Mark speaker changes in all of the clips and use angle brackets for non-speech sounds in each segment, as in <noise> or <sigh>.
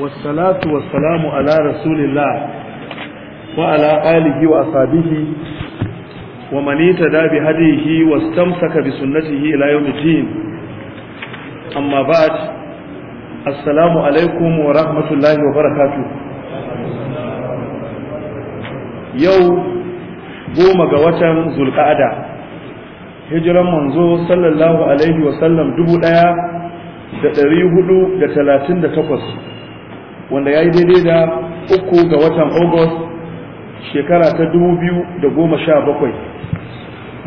Speaker 1: wasalatu wasalamu ala rasulillah wa ala alihi wa ashabihi wa man yatada bi hadihi wastamsaka bi sunnatihi ila yawmiddin amma ba'd assalamu alaikum wa rahmatullahi wa barakatuh yau goma ga watan zulqa'ada hijran manzo sallallahu alaihi wa sallam 1438 wanda ya yi daidai da uku ga watan august shekara ta dubu biyu da goma sha bakwai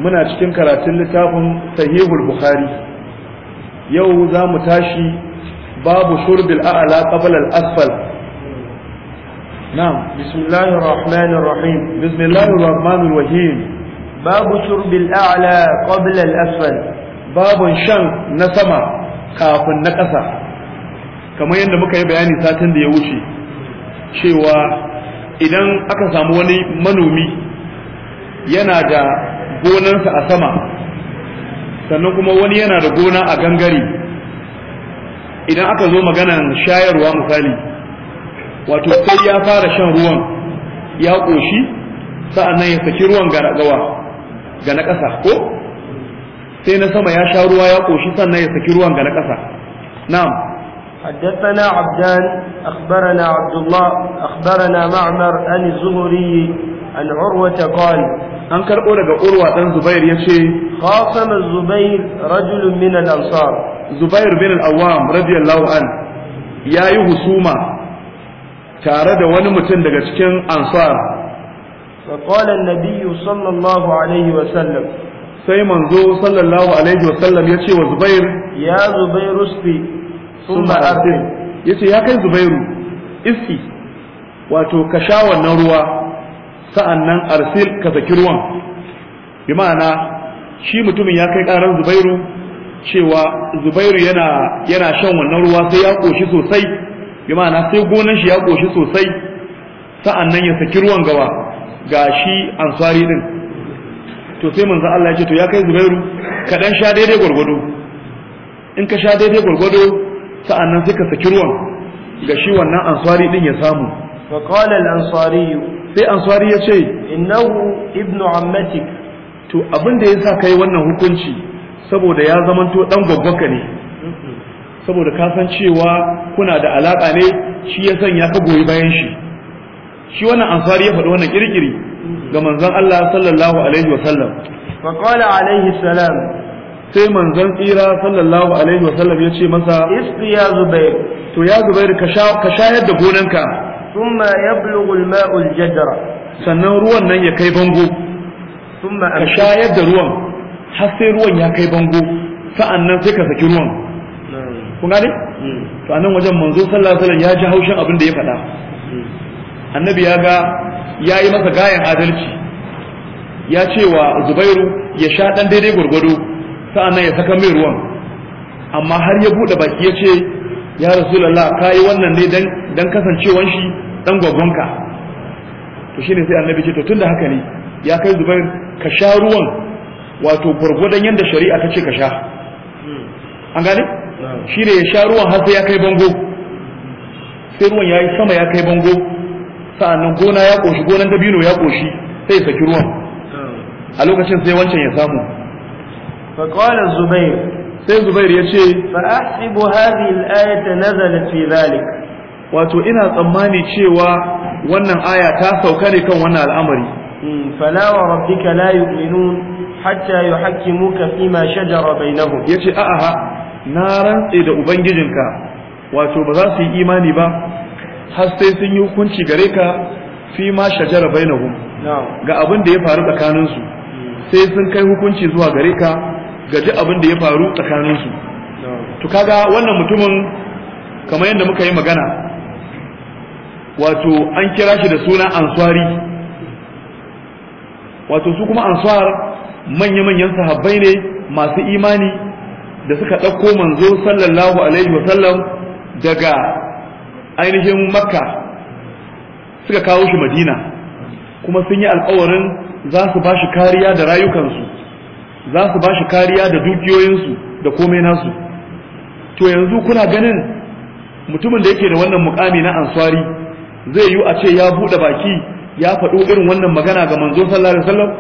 Speaker 1: muna cikin karatun littafin sahihul bukhari yau za mu tashi babu shurbil a'ala qabla al-asfal نعم بسم الله الرحمن الرحيم بسم الله الرحمن الرحيم باب شرب الأعلى قبل الأسفل na شن نسمة كاف نكسة kamar yadda muka yi bayani satin da ya wuce cewa idan aka samu wani manomi yana da gonansa a sama sannan kuma wani yana da gona a gangare idan aka zo maganan shayarwa misali wato sai ya fara shan ruwan ya ƙoshi sa'annan ya saki ruwan ga gawa ga na ƙasa ko sai na sama ya sha ruwa ya ƙoshi sannan ya saki ruwan ga na ƙasa na'am حدثنا عبدان أخبرنا عبد الله أخبرنا معمر عن الزهري عن عروة قال أنكر أولك أروة عن زبير يشي خاصم الزبير رجل من الأنصار زبير بن الأوام رضي الله عنه يا يهسوما tare da wani mutum daga cikin ansar فقال النبي صلى الله عليه وسلم sai manzo sallallahu alaihi wasallam ya ce wa zubair ya zubair usfi sun ma'afir ya ce ya kai zubairu iski wato ka sha wannan ruwa sa'an nan arsil ka saki ruwan bi ma'ana shi mutumin ya kai ƙarar zubairu cewa zubairu yana yana shan wannan ruwa sai ya ƙoshi sosai bi ma'ana sai gonan shi ya ƙoshi sosai sa'an nan ya saki ruwan gawa ga shi ansari din to sai manzo Allah ya ce to ya kai zubairu ka dan sha daidai gwargwado in ka sha daidai gwargwado sa'annan suka saki ruwan ga shi wannan ansari din ya samu fa qala al ansari sai ansari ya ce innahu ibnu ammatik to abin da yasa kai wannan hukunci saboda ya zamanto dan gwaggwaka ne saboda ka san cewa kuna da alaka ne shi ya sanya ka goyi bayan shi shi wannan ansari ya faɗi wannan kirkiri ga manzon Allah sallallahu alaihi wa sallam fa qala alaihi salam sai manzon tsira sallallahu alaihi wasallam ya ce masa isqi ya zubair to ya zubair ka shayar da gonanka thumma yablughu al-ma'u al-jadra sannan ruwan nan ya kai bango thumma ka shayar da ruwan har sai ruwan ya kai bango sa'annan sai ka saki ruwan hmm. kun gane hmm. to anan wajen manzo sallallahu alaihi wasallam ya ji haushin abin da ya faɗa
Speaker 2: hmm.
Speaker 1: annabi ya ga ya yi masa gayan adalci ya ce wa zubairu ya sha ɗan daidai gwargwado. sa'annan ya saka mai ruwan amma har ya bude baki ya ce ya rasulullah yi wannan ne dan kasancewan shi dan gwaggonka to shine sai annabi ce to tunda haka ne ya kai zubair ka sha ruwan wato gwargwadon yanda shari'a ta ce ka sha an gane ne ya sha ruwan har sai ya kai bango sai ruwan ya yi sama ya kai bango nan gona ya koshi gonan dabino ya koshi sai ya saki ruwan a lokacin sai wancan ya samu فقال الزبير سيد زبير يشي فأحسب هذه الآية نزلت في ذلك wato ina tsammani cewa wannan aya ta sauka ne kan wannan al'amari hmm, fala wa rabbika la yu'minun hatta yuhakkimuka fima shajara bainahum yace a a na rantse da ubangijinka wato ba za su yi imani ba har sai sun yi hukunci gare ka fima shajara ga abin da ya faru tsakaninsu, hmm. sai sun kai hukunci zuwa gare ka ga duk abin da ya faru tsakanin su to kaga wannan mutumin kamar yadda muka yi magana wato an kira shi da suna answari wato su kuma answar manya-manyan sahabbai ne masu imani da suka ɗauko manzo sallallahu alaihi sallam daga ainihin makka suka kawo shi madina kuma sun yi alkawarin za su ba shi kariya da rayukansu za su ba shi kariya da dukiyoyinsu da komai nasu to yanzu kuna ganin mutumin da yake da wannan mukami na answari zai yi a ce ya buɗe baki ya faɗo irin wannan magana ga manzo sallallahu alaihi wasallam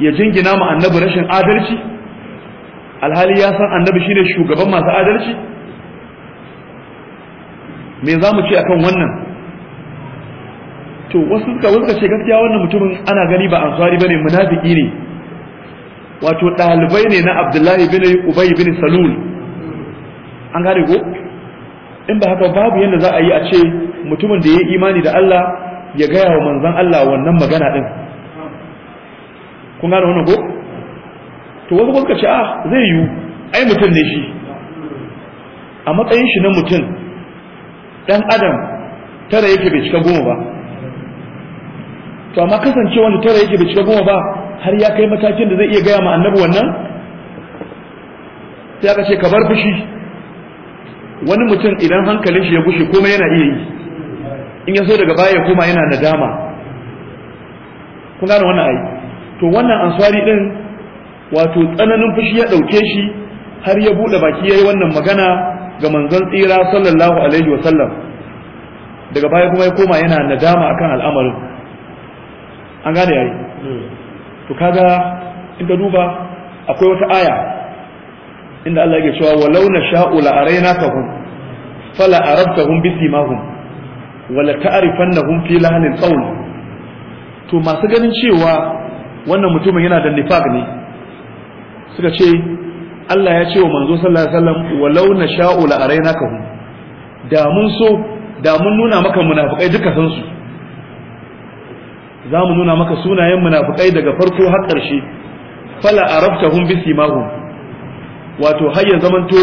Speaker 1: ya jingina mu annabi rashin adalci alhali ya san annabi shine shugaban masu adalci me za mu ce akan wannan to wasu suka wasu ce gaskiya wannan mutumin ana gani ba ansari bane munafiki ne wato ɗalibai ne na abdullahi bin ubay bin salul an gane ko in ba haka babu yadda za a yi a ce mutumin da ya yi imani da Allah ya gaya wa manzan Allah wannan magana din kun gane wannan ko to wasu kuka ce ah zai yiwu ai mutum ne shi a matsayin shi na mutum dan adam tara yake bai cika goma ba to amma kasance wanda tara yake bai cika goma ba har ya kai matakin da zai iya gaya ma annabi wannan sai aka ce ka bar fushi wani mutum idan hankalin shi ya gushe kuma yana iya yi in ya so daga baya ya koma yana nadama kun gane wannan ai to wannan ansari din wato tsananin fushi ya dauke shi har ya bude baki yayi wannan magana ga manzon tsira sallallahu alaihi wasallam daga baya kuma ya koma yana nadama akan al'amarin an gane yayi hmm. to kaga in ka duba akwai wata aya inda Allah yake cewa walau na sha'u la hum fala arabtahum simahum wala ta'rifannahum fi lahnil qawl to masu ganin cewa wannan mutumin yana da nifaq ne suka ce Allah ya ce wa manzo sallallahu alaihi wasallam walau na sha'u la hum da mun so da mun nuna maka munafikai duka san su za mu nuna maka sunayen munafukai daga farko har ƙarshe fala arabtahum simahum wato har zamanto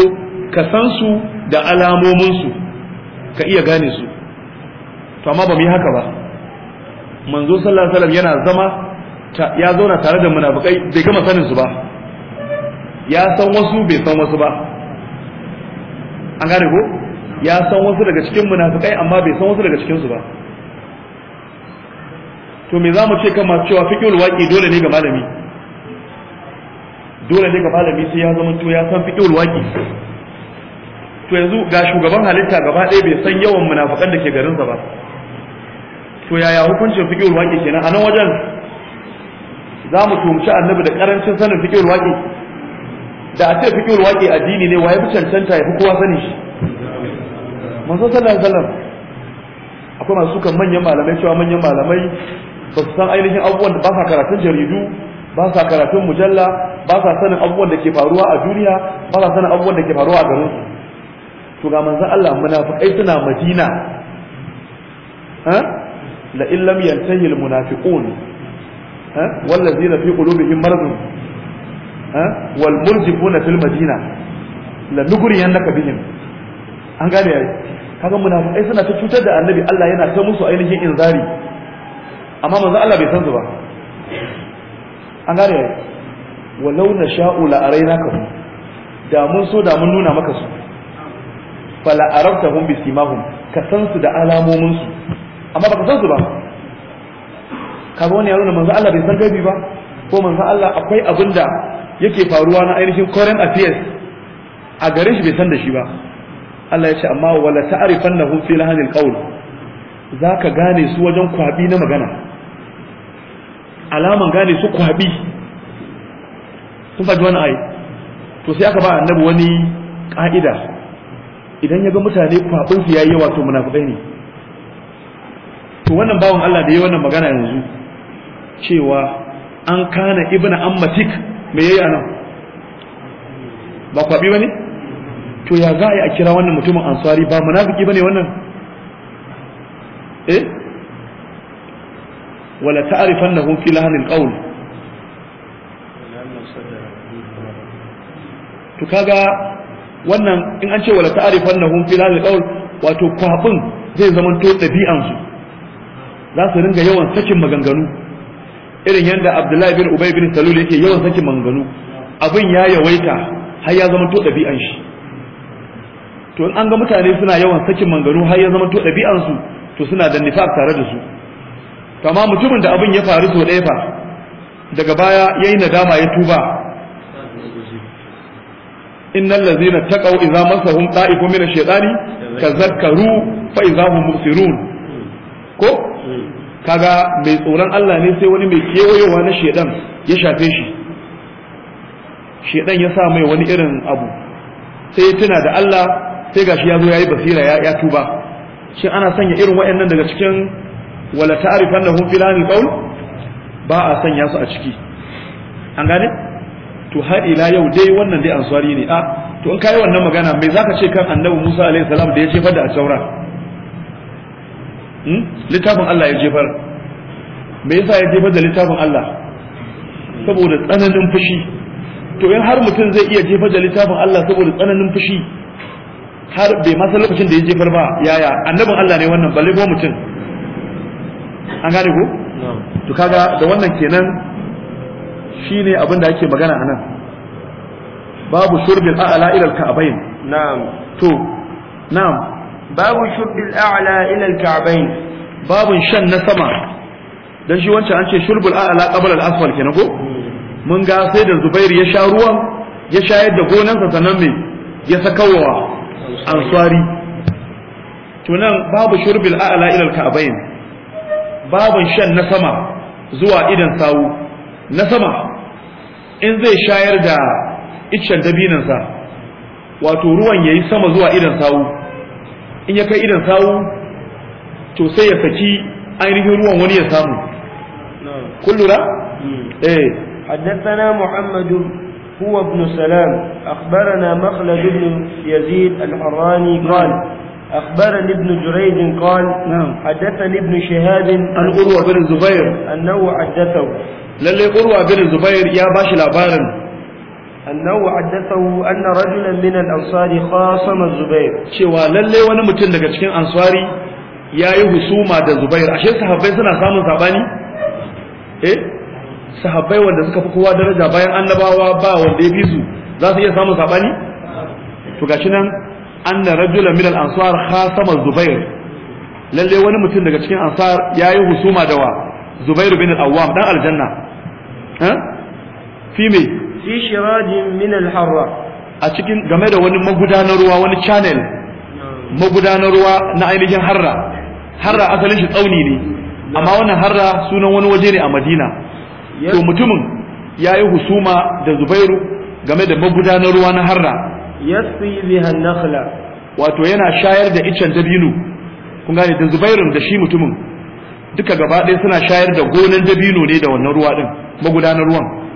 Speaker 1: ka san su da alamomin su ka iya gane su to amma ba mu yi haka ba manzo sallallahu alaihi wasallam yana zama ya zauna tare da munafukai bai gama sanin su ba ya san wasu bai san wasu ba an gane ko ya san wasu daga cikin munafukai amma bai san wasu daga cikin su ba to me za mu ce kan masu cewa fiqhul waƙi dole ne ga malami dole ne ga malami sai ya zama to ya san fiqhul waƙi to yanzu ga shugaban halitta gaba ɗaya bai san yawan munafukan da ke garinsa ba to yaya hukuncin fiqhul waƙi kenan a nan wajen za mu tumci annabi da karancin sanin fiqhul waƙi da a ce fiqhul waƙi addini ne wa ya fi cancanta ya fi kowa sani shi manzo sallallahu alaihi wasallam akwai masu kan manyan malamai cewa manyan malamai ba su san ainihin abubuwan da ba sa karatun jaridu ba sa karatun mujalla ba sa sanin abubuwan da ke faruwa a duniya ba sa sanin abubuwan da ke faruwa a garin su to ga manzon Allah munafiqai suna Madina ha la in lam yantahi al munafiqun ha wal ladzina fi qulubihim marad ha wal murjifuna fil madina la nugriyannaka bihim an gane yayi kaga munafiqai suna ta cutar da annabi Allah yana ta musu ainihin inzari amma manzo Allah bai san su ba an gane Wa walau na sha'u la arainaka da mun so da mun nuna maka su fala arabta hum bisimahum ka san su da alamomin su amma baka san su ba Ka ga wani yaro na manzo Allah bai san gabi ba ko manzo Allah akwai abinda yake faruwa na ainihin current affairs a garin shi bai san da shi ba Allah ya ce amma wala ta'rifannahu fi lahanil qawl za ka gane su wajen kwabi na magana alaman gane su kwabi sun faɗi wani ayi to sai aka ba annabi wani ƙa'ida idan ya ga mutane kwaɓinsu ya yi yawa to munafukai ne to wannan bawon Allah da ya wannan magana yanzu cewa an kana ibn ammatik me yayi anan ba kwaɓi ba ne to ya za a yi a kira wannan mutumin ansari ba munafiki ba ne wannan eh wala ta'rifannahu fi lahnil qawl to kaga wannan in an ce wala ta'rifannahum fi lahnil qawl wato kwabin zai zama to dabi'an su za su ringa yawan sakin maganganu irin yadda Abdullahi bin Ubay bin Salul yake yawan sakin maganganu abin ya yawaita har ya zama to dabi'an shi to in an ga mutane suna yawan sakin maganganu har ya zama to dabi'an su to suna da nifaq tare da su to mutumin da abin ya faru so ɗaya fa daga baya ya yi nadama ya tuba innal ladzina taqaw idza massahum ta'ifun min ash-shaytani tazakkaru fa idza hum mubsirun ko kaga mai tsoron Allah ne sai wani mai kewayowa na shedan ya shafe shi shedan ya sa mai wani irin abu sai ya da Allah sai gashi ya zo ya yi basira ya tuba shin ana sanya irin waɗannan daga cikin wala ta'rifan lahum filani qaul ba a sanya su a ciki an gane to har ila yau dai wannan dai ansari ne a to in kai wannan magana me zaka ce kan annabi Musa alaihi salam da ya jefar da asaura hmm littafin Allah ya jefar me yasa ya jefar da littafin Allah saboda tsananin fushi to in har mutum zai iya jefar da littafin Allah saboda tsananin fushi har bai masa lokacin da ya jefar ba yaya annabin Allah ne wannan balle ko mutum an gane ko to kaga da wannan kenan shine abin da ake magana anan babu shurbil a'la ila al-ka'bayn na'am to na'am babu shurbil a'la ila al-ka'bayn babun shan na sama dan shi wancan an ce shurbul a'la qabla al-asfal kenan ko hmm. mun ga sai da Zubairu ya sha ruwan ya shayar da gonansa sannan me ya sakawa ansari tunan babu shurbil a'la ila al-ka'bayn babun shan na sama zuwa idan sawu na sama in zai shayar da iccen dabinansa wato ruwan yayi sama zuwa idan sawu in ya kai idan sawu to sai ya saki ainihin ruwan wani ya samu kullura hmm. eh حدثنا محمد هو ابن سلام أخبرنا مخلد بن يزيد الحراني قال أخبرني ابن جريج قال نعم حدثني ابن شهاب عن أروى بن الزبير أنه حدثه للي أروى بن الزبير يا باش الأبارن أنه حدثه أن رجلا من الأنصار خاصم الزبير شوى للي وانا متن لك أنصاري يا يهسوما دا الزبير أشياء صحابين سنة سامن إيه sahabbai wanda suka fi kowa daraja bayan annabawa ba wanda ya fi su za su iya samun sabani to gashi nan anna rajulan min al-ansar khasama zubair lalle wani mutum daga cikin ansar yayi husuma da wa zubair bin al-awwam dan aljanna ha eh? fi me fi shirajin min al-harra a cikin game da wani magudanar ruwa wani channel magudanar ruwa na ainihin harra harra asalin shi tsauni ne amma wannan harra sunan wani waje ne a madina to mutumin ya yi husuma da zubairu game da magudanar ruwa na harra yasqi biha nakhla wato yana shayar da iccen dabino kun gane da zubairun da shi mutumin duka gaba ɗaya suna shayar da gonan dabino ne da wannan ruwa din magudanar ruwan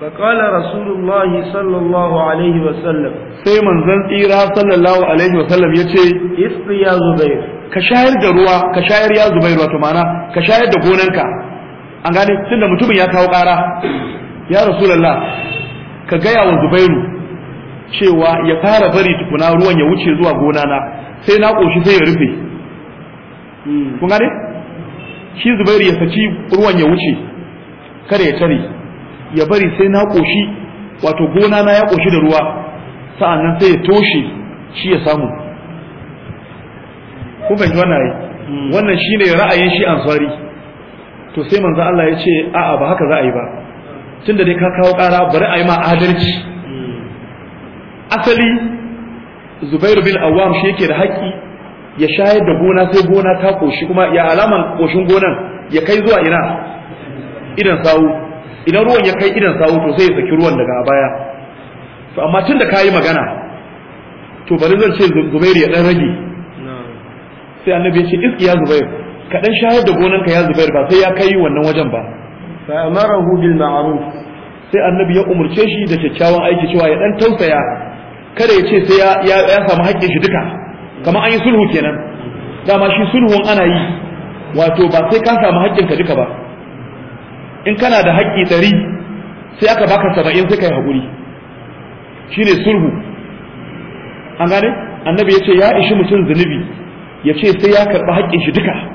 Speaker 1: فقال رسول الله صلى الله عليه وسلم sai manzon tsira sallallahu alaihi wasallam ce. isqi ya Zubairu. ka shayar da ruwa ka shayar ya Zubairu wato mana ka shayar da gonanka an gane da mutumin ya kawo ƙara ya lalla, ka gaya wa zubairu cewa ya fara bari tukuna ruwan ya wuce zuwa gona na sai na ƙoshi sai ya rufe kun gane shi zubairu ya saci ruwan ya wuce kada ya tare ya bari sai na ƙoshi, wato gona na ya ƙoshi da ruwa sa'annan sai ya toshe shi ya samu Ku fahimci wannan shi hmm. wannan shine ra'ayin shi ansari to sai manzo Allah ya ce a'a ba haka za a yi ba tunda dai ka kawo ƙara bari a yi ma adalci asali Zubairu bin Awwam shi yake da haƙƙi ya shayar da gona sai gona ta koshi kuma ya alaman koshin gonan ya kai zuwa ina idan sawu idan ruwan ya kai idan sawu to sai ya saki ruwan daga baya to amma tunda ka yi magana to bari zan ce Zubairu ya dan rage sai annabi ya ce iskiya Zubairu Kaɗan shahar shayar da ka ya zubair ba sai ya kai wannan wajen ba fa amarahu bil ma'ruf sai annabi ya umurce shi da kyakkyawan aiki cewa ya dan tausaya kada ya ce sai ya ya samu haƙƙin shi duka kamar an yi sulhu kenan dama shi sulhun ana yi wato ba sai ka samu haƙƙin ka duka ba in kana da haƙƙi ɗari sai aka baka saba'in sai kai haƙuri shine sulhu an gane annabi ya ce ya ishi mutum zunubi ya ce sai ya karɓi haƙƙin shi duka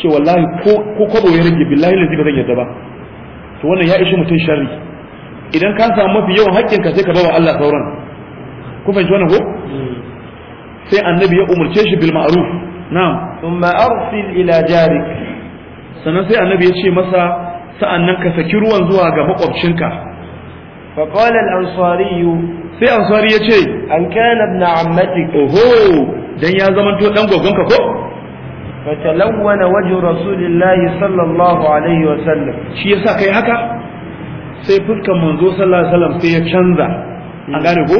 Speaker 1: ce wallahi ko kwabo ya rage billahi lalzi ba zan yadda ba to wannan ya ishi mutum sharri idan ka samu mafi yawan haƙƙinka sai ka bawa Allah sauran ku fahimci wannan ko sai annabi ya umarce shi bil ma'ruf na'am thumma arsil ila jarik sannan sai annabi ya ce masa sa'annan ka saki ruwan zuwa ga makwabcinka fa qala al ansari sai ansari ya ce an kana ibn ammatik oho dan ya zamanto dan gogonka ko فتلون وجه رسول الله صلى الله عليه وسلم shi yasa kai haka sai fuskan manzo sallallahu alaihi wasallam sai ya canza an gane ko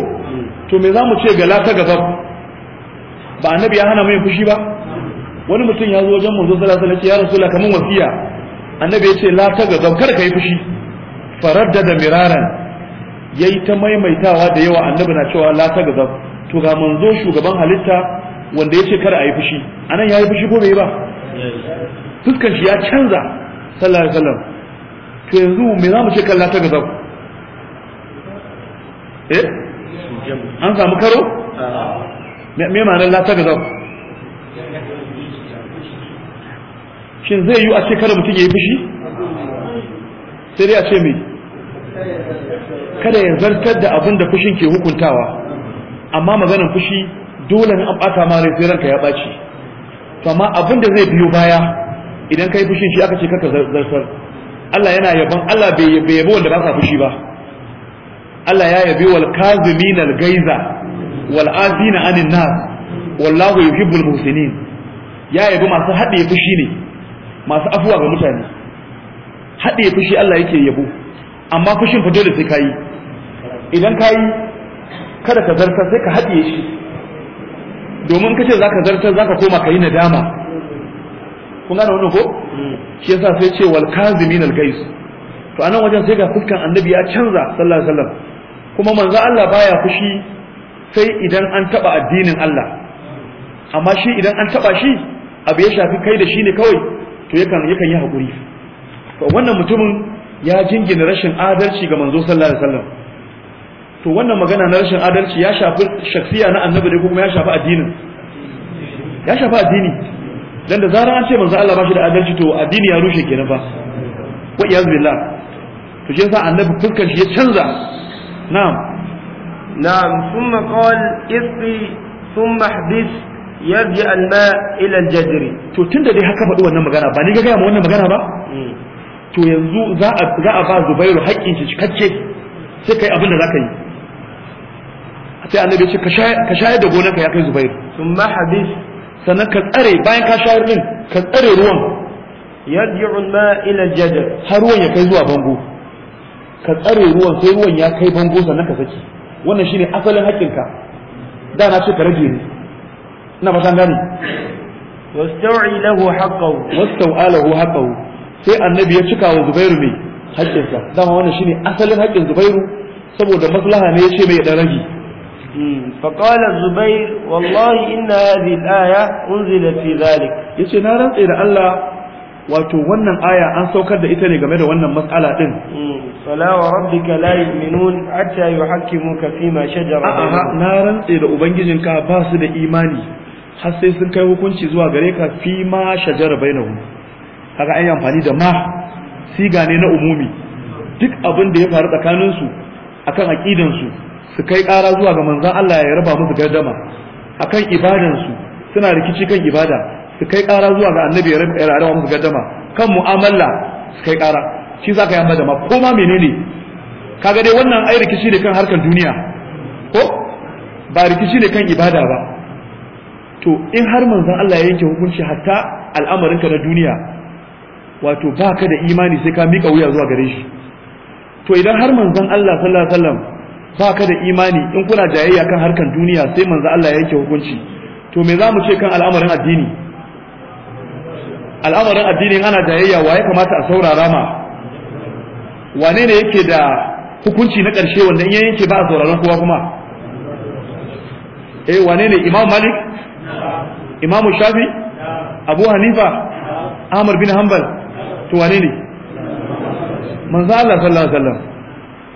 Speaker 1: to me zamu ce gala ta gaba ba annabi ya hana mai fushi ba wani mutum ya zo wajen manzo sallallahu alaihi wasallam ya rasula kaman wasiya annabi ya ce la ta gaba kar kai fushi faraddada miraran yayi ta maimaitawa da yawa annabi na cewa la ta gaba to ga manzo shugaban halitta wanda ya ce kar a yi fushi anan ya yi fushi ko bai ba fuskan shi ya canza sallallahu alaihi wasallam to yanzu me za mu ce kalla ta gaza ku eh an samu karo me ma'anar la ta gaza ku shin zai yi a ce kada mutum ya yi fushi
Speaker 2: sai dai a ce me. kada ya zartar da abin
Speaker 1: da fushin ke hukuntawa amma maganar fushi dole an bata ma rai sai ka ya baci to amma abin da zai biyo baya idan kai fushin shi aka ce kaka zarsar. Allah yana yabon Allah bai yabo wanda ba sa fushi ba Allah ya yabi wal kazimin al gaiza wal azina anin nas wallahu yuhibbul muhsinin ya yabi masu hade fushi ne masu afuwa ga mutane hade fushi Allah yake yabo amma fushin fa dole sai kai idan kai kada ka zarta sai ka haɗiye shi domin kace zaka zartar zaka koma ka yi nadama kun gane wannan ko hmm. shi yasa sai ce wal kazimin al gais to anan wajen sai ga fuskan annabi ya canza sallallahu alaihi wasallam kuma manzo Allah baya fushi sai idan an taba addinin Allah amma shi idan an taba shi abu ya shafi kai da shi ne kawai to yakan yakan yi hakuri to wannan mutumin ya jingina rashin adalci ga manzo sallallahu alaihi wasallam to wannan magana na rashin adalci ya shafi shafiya na annabi ne kuma ya shafi addinin ya shafi addini dan da zaran an ce manzo Allah ba shi da adalci to addini ya rushe kenan fa wa iyaz billah to shi yasa annabi fuskan shi ya canza na'am na'am thumma qal ifi thumma hadis yarji alma ila aljadri to tunda dai haka faɗi wannan magana ba ni ga ga wannan magana ba hmm. to yanzu za a za a ba Zubairu haƙƙin shi cikakke sai kai abin da zaka yi sai annabi ce ka shayar da gonarka ya kai zubairu. zubair thumma habis sannan ka tsare bayan ka shayar din ka tsare ruwan yad'u ma ila jadar har ruwan ya kai zuwa bango ka tsare ruwan sai ruwan ya kai bango sannan ka saki wannan shine asalin ka. da na ce ka rage ni. ina ba san gani wastau'i lahu haqqahu wastau'a lahu haqqahu sai annabi ya cika wa zubairu mai haƙƙinsa dama wannan shine asalin haƙƙin zubairu saboda maslaha ne ya ce mai dan rage فقال الزبير والله ان هذه الايه أنزلت في ذلك يسي نارا da الله wato wannan aya an saukar da ita ne game da wannan matsala din hmm. fala wa rabbika la yu'minun hatta yuhakkimuka fima shajara bainahum na rantse da ubangijinka ba su da imani har sai sun kai hukunci zuwa gare ka fima shajara bainahum kaga ai amfani da ma siga ne na umumi duk abin da ya faru tsakanin su akan aqidan su su kai ƙara zuwa ga manzan Allah ya raba musu gardama akan ibadansu suna rikici kan ibada su kai ƙara zuwa ga annabi ya raba musu gardama kan mu'amala su kai ƙara shi za ka yi amma ko ma menene kaga dai wannan ai rikici ne kan harkar duniya ko ba rikici ne kan ibada ba to in har manzan Allah ya yanke hukunci hatta al'amarinka na duniya wato ba ka da imani sai ka miƙa wuya zuwa gare shi to idan har manzan Allah sallallahu alaihi wasallam ba ka da imani in kuna jayayya kan harkan duniya sai manzo Allah ya yanke hukunci to me za mu ce kan al'amarin addini al'amarin addini ana jayayya wa ya kamata a saurara ma wane ne yake da hukunci na ƙarshe wanda in yanke ba a sauraron kowa kuma eh wane ne imam malik imam shafi abu hanifa ahmad bin hanbal to wane ne manzo Allah sallallahu alaihi wasallam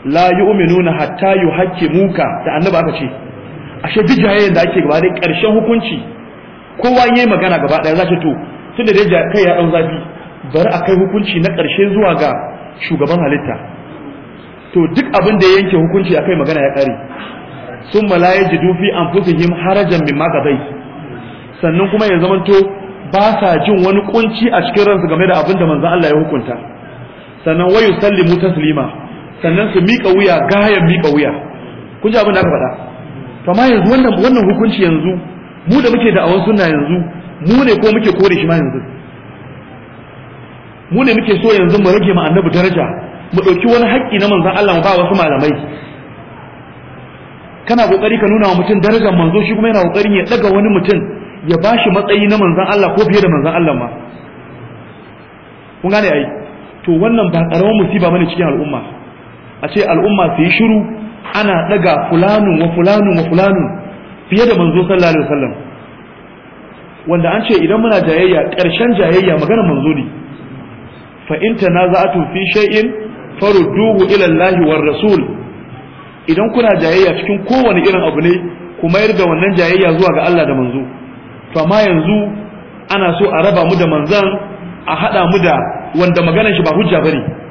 Speaker 1: la yu'minuna hatta muka da annaba aka ce ashe duk da ake gaba da karshen hukunci kowa yayi magana gaba za zaki to tunda dai kai ya dan zafi bari a kai hukunci na karshe zuwa ga shugaban halitta to duk abin da ya yanke hukunci a kai magana ya kare sun la dufi fi him harajan min magabai sannan kuma ya zamanto ba sa jin wani kunci a cikin ransu game da abin da manzon Allah ya hukunta sannan wayu sallimu taslima sannan su mika wuya gayan mika wuya kun ji abin da aka faɗa to amma yanzu wannan wannan hukunci yanzu mu da muke awan sunna yanzu mu ne ko muke kore shi ma yanzu mu ne muke so yanzu mu rage ma annabi daraja mu ɗauki wani haƙƙi na manzon Allah mu ba wasu malamai kana kokari ka nuna wa mutum darajar manzo shi kuma yana kokarin ya daga wani mutum ya bashi matsayi na manzon Allah ko fiye da manzon Allah ma kun gane ai to wannan ba karamin musiba bane cikin al'umma a ce al'umma su yi shiru ana daga fulanu wa fulanu wa fulanu fiye da manzo sallallahu alaihi wasallam wanda an ce idan muna jayayya ƙarshen jayayya magana manzo ne fa in tanaza'atu fi shay'in farudduhu ila Allah war rasul idan kuna jayayya cikin kowane irin abu ne ku mayar da wannan jayayya zuwa ga Allah da manzo to amma yanzu ana so a raba mu da manzan a hada mu da wanda maganar shi ba hujja bane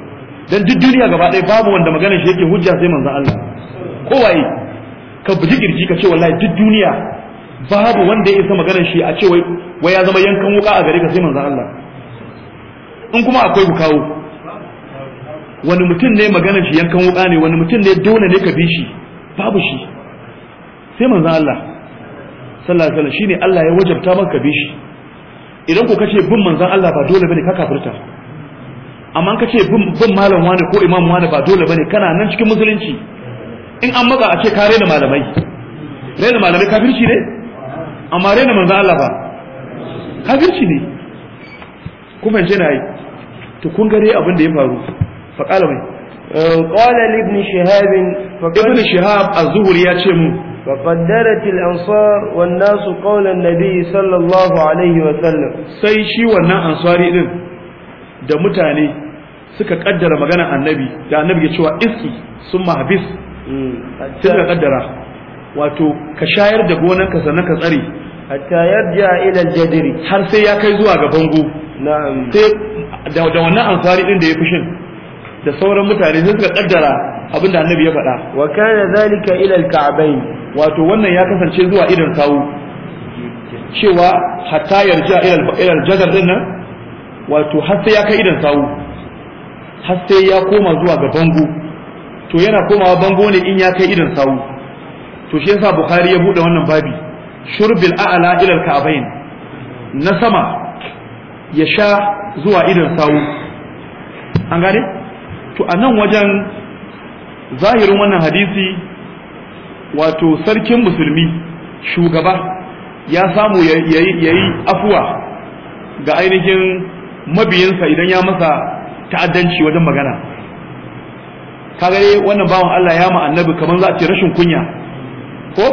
Speaker 1: dan duk duniya gaba ɗaya babu wanda maganar shi yake hujja sai manzon Allah kowaye ka buji kirji ka ce wallahi duk duniya babu wanda ya isa maganar shi a ce wai ya zama yankan wuka a gare ka sai manzon Allah in kuma akwai ku kawo wani mutum ne maganar shi yankan wuka ne wani mutum ne dole ne ka bi shi babu shi sai manzon Allah sallallahu alaihi wasallam shine Allah ya wajabta maka bi shi idan ku kace bin manzon Allah ba dole bane ka kafirta amma ka ce bin malam wani ko imam wani ba dole bane kana nan cikin musulunci in an maka a ce ka rena malamai rena malamai kafirci ne amma rena manzo Allah ba kafirci ne kuma je na yi to kun gare abin da ya faru fa kala mai ehm, qala li ibn shihab fa ibn shihab az-zuhri ya ce mu فقدرت الأنصار والناس قول النبي صلى الله عليه وسلم sai shi wannan ansari din da mutane suka kaddara magana annabi da annabi ya cewa iski sun mahabis mm, sai suka kaddara wato ka shayar da gonar ka sannan ka tsare hatta yarja ila aljadiri har sai ya kai zuwa ga bango na'am sai da wannan amfani din da ya fushin da sauran mutane sai suka kaddara abin da annabi ya faɗa wa kana zalika ila alka'bayn wato wannan ya kasance zuwa idan sawu cewa hatta yarja ila aljadar din nan wato har sai ya kai idan sawu har sai ya koma zuwa ga bango to yana komawa bango ne in ya kai idan sawu to shi yasa bukhari ya bude wannan babi shurbil a'la ila al-ka'bayn na sama ya sha zuwa idan sawu an gane to a nan wajen zahirin wannan hadisi wato sarkin musulmi shugaba ya samu ya yi afuwa ga ainihin mabiyinsa idan ya masa ta'addanci wajen magana kaga dai wannan bawan Allah ya ma annabi kamar za a ce rashin kunya ko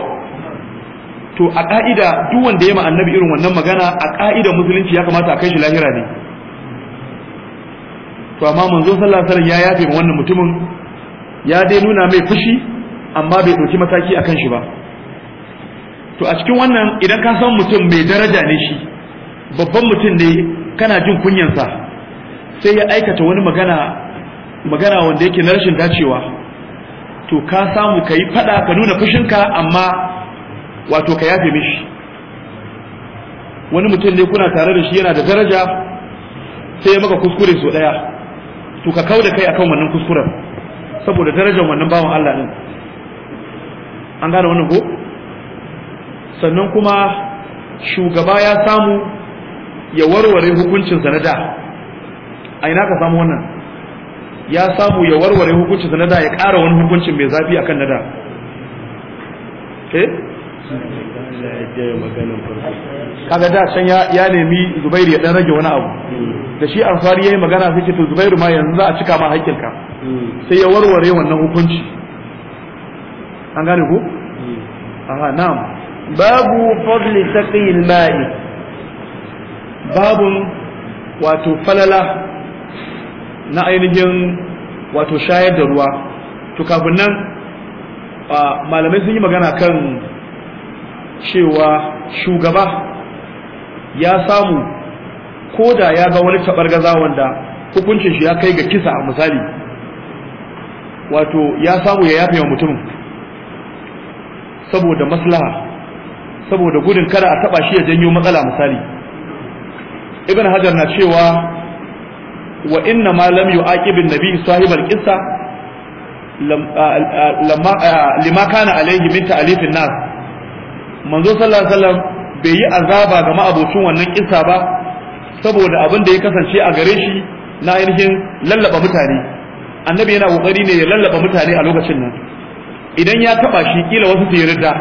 Speaker 1: to a ka'ida duk wanda ya ma annabi irin wannan magana a ka'ida musulunci ya kamata a kai shi lahira ne to amma manzo sallallahu alaihi wasallam ya yafe ma wannan mutumin ya dai nuna mai fushi amma bai dauki mataki a kan shi ba to a cikin wannan idan ka san mutum mai daraja ne shi babban mutum ne kana jin kunyansa sai ya aikata wani magana magana wanda yake na rashin dacewa to ka samu ka yi fada ka nuna fushinka amma wato ka yafe mishi wani mutum ne kuna tare da shi yana da daraja sai ya maka kuskure so daya to ka kau kai akan wannan kuskuren saboda darajar wannan bawan Allah an gane wannan ko sannan kuma shugaba ya samu ya warware hukuncin na da a ina ka samu wannan ya samu ya warware hukuncin da na da ya ƙara wani hukuncin mai zafi akan na da eh? kaga da can ya nemi zubairu ya dan rage wani abu da shi ansari yi magana sai ce to zubairu ma yanzu za a cika ma haƙƙinka sai ya warware wannan hukunci an gane ko aha na'am babu fadli taqil ilma'i babun wato falala na ainihin wato shayar da ruwa to kafin nan malamai sun yi magana kan cewa shugaba ya samu ko da ya ga wani gaza wanda hukuncin shi ya kai ga kisa misali wato ya samu ya yafe wa mutumin saboda maslaha saboda gudun kada a taɓa shi ya janyo matsala misali ibn hajar na cewa wa inna ma lam yu'aqib an-nabi sahibal qissa lima kana alayhi min an nas manzo sallallahu alaihi wasallam bai yi azaba ga ma'abocin wannan kissa ba saboda abin da ya kasance a gare shi na ainihin lallaba mutane annabi yana kokari ne ya lallaba mutane a lokacin nan idan ya taba shi kila wasu su yarda